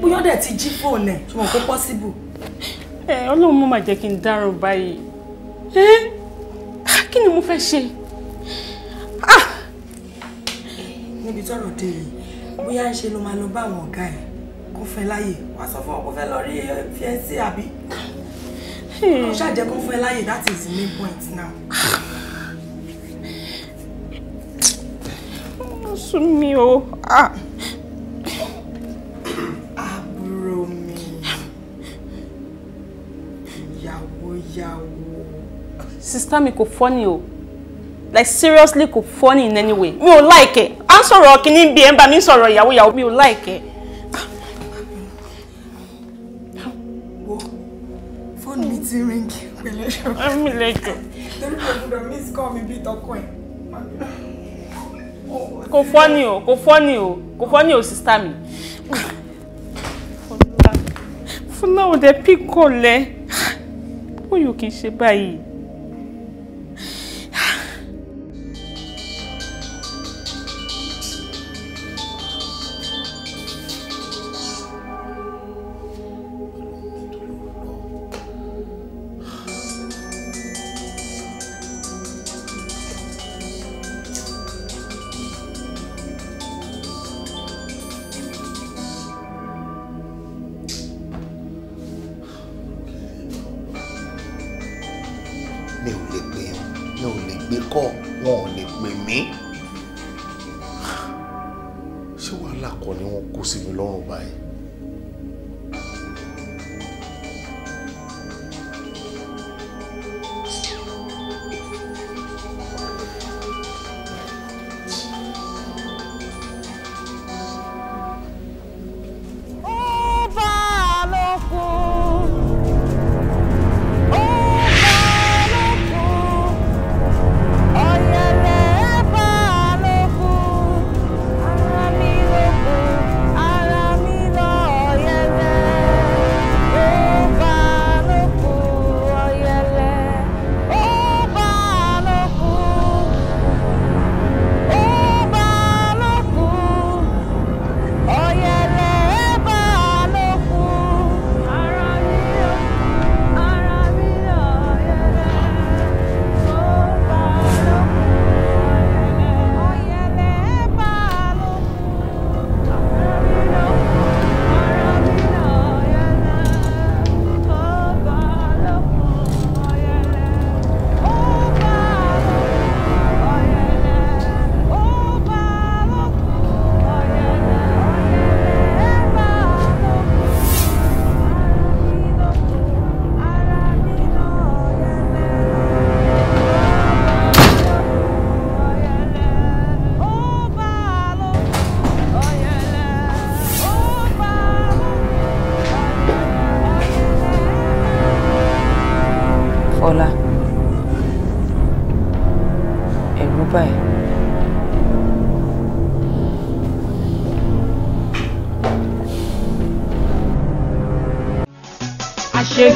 bóyá ó dẹ̀ ti jí fóònù ẹ̀ ṣùgbọ́n kó possible. ẹ eh, ọlọ́run mo máa jẹ́ kí n dáràn báyìí eh, kí ni mo fẹ́ ṣe. Ah! Eh, níbi tọ́rọ̀ dé yìí bóyá ń ṣe ló máa lọ bá àwọn ọ̀gá ẹ̀ kó fẹ́ láyè wàá sọ fún ọ kó fẹ́ lọ rí fiẹ́nsì eh, àbí hmm. ó ṣàjẹ́ kó fẹ́ láyè that is the main point now. sún mi o ah. àbúrò mi yàwó yàwó. sista mi kò funny o like seriously kò funny in any way mi ò like it sọ̀rọ̀ kínní bí ẹ ń bá mi sọ̀rọ̀ ìyàwó ìyàwó mi ò láìkẹ́. fóònù mi ti ríngì pẹ̀lẹ́ ṣọ́kẹ́. ẹ mi torí mo gbọdọ̀ miss call mi bíi tọkọ ẹ̀. kò fọ́ ni o kò fọ́ ni o kò fọ́ ni o sísá mi. fúláwọ̀ dẹ̀ pí kò lẹ́ bóyá kì í ṣe báyìí.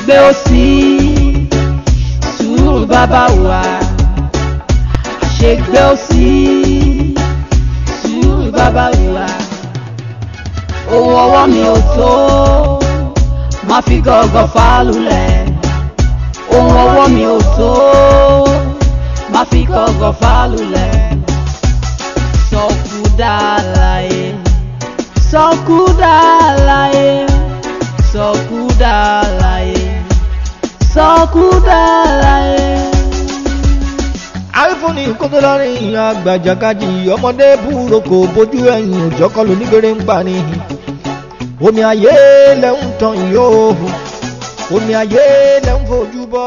gbé ó sí sùúrù bàbá wa àṣegbé ó sí sùúrù bàbá wa owó ọwọ́ mi ò tó má fi gọ́gọ́ fà lulẹ̀. àgbàjàkadì ọmọdé búroko bójú ẹ̀yìn òjọ́kọ́lù nígbèrè ń pa omi ayé lẹ́ ń tan omi ayé lẹ́ fojú bọ́.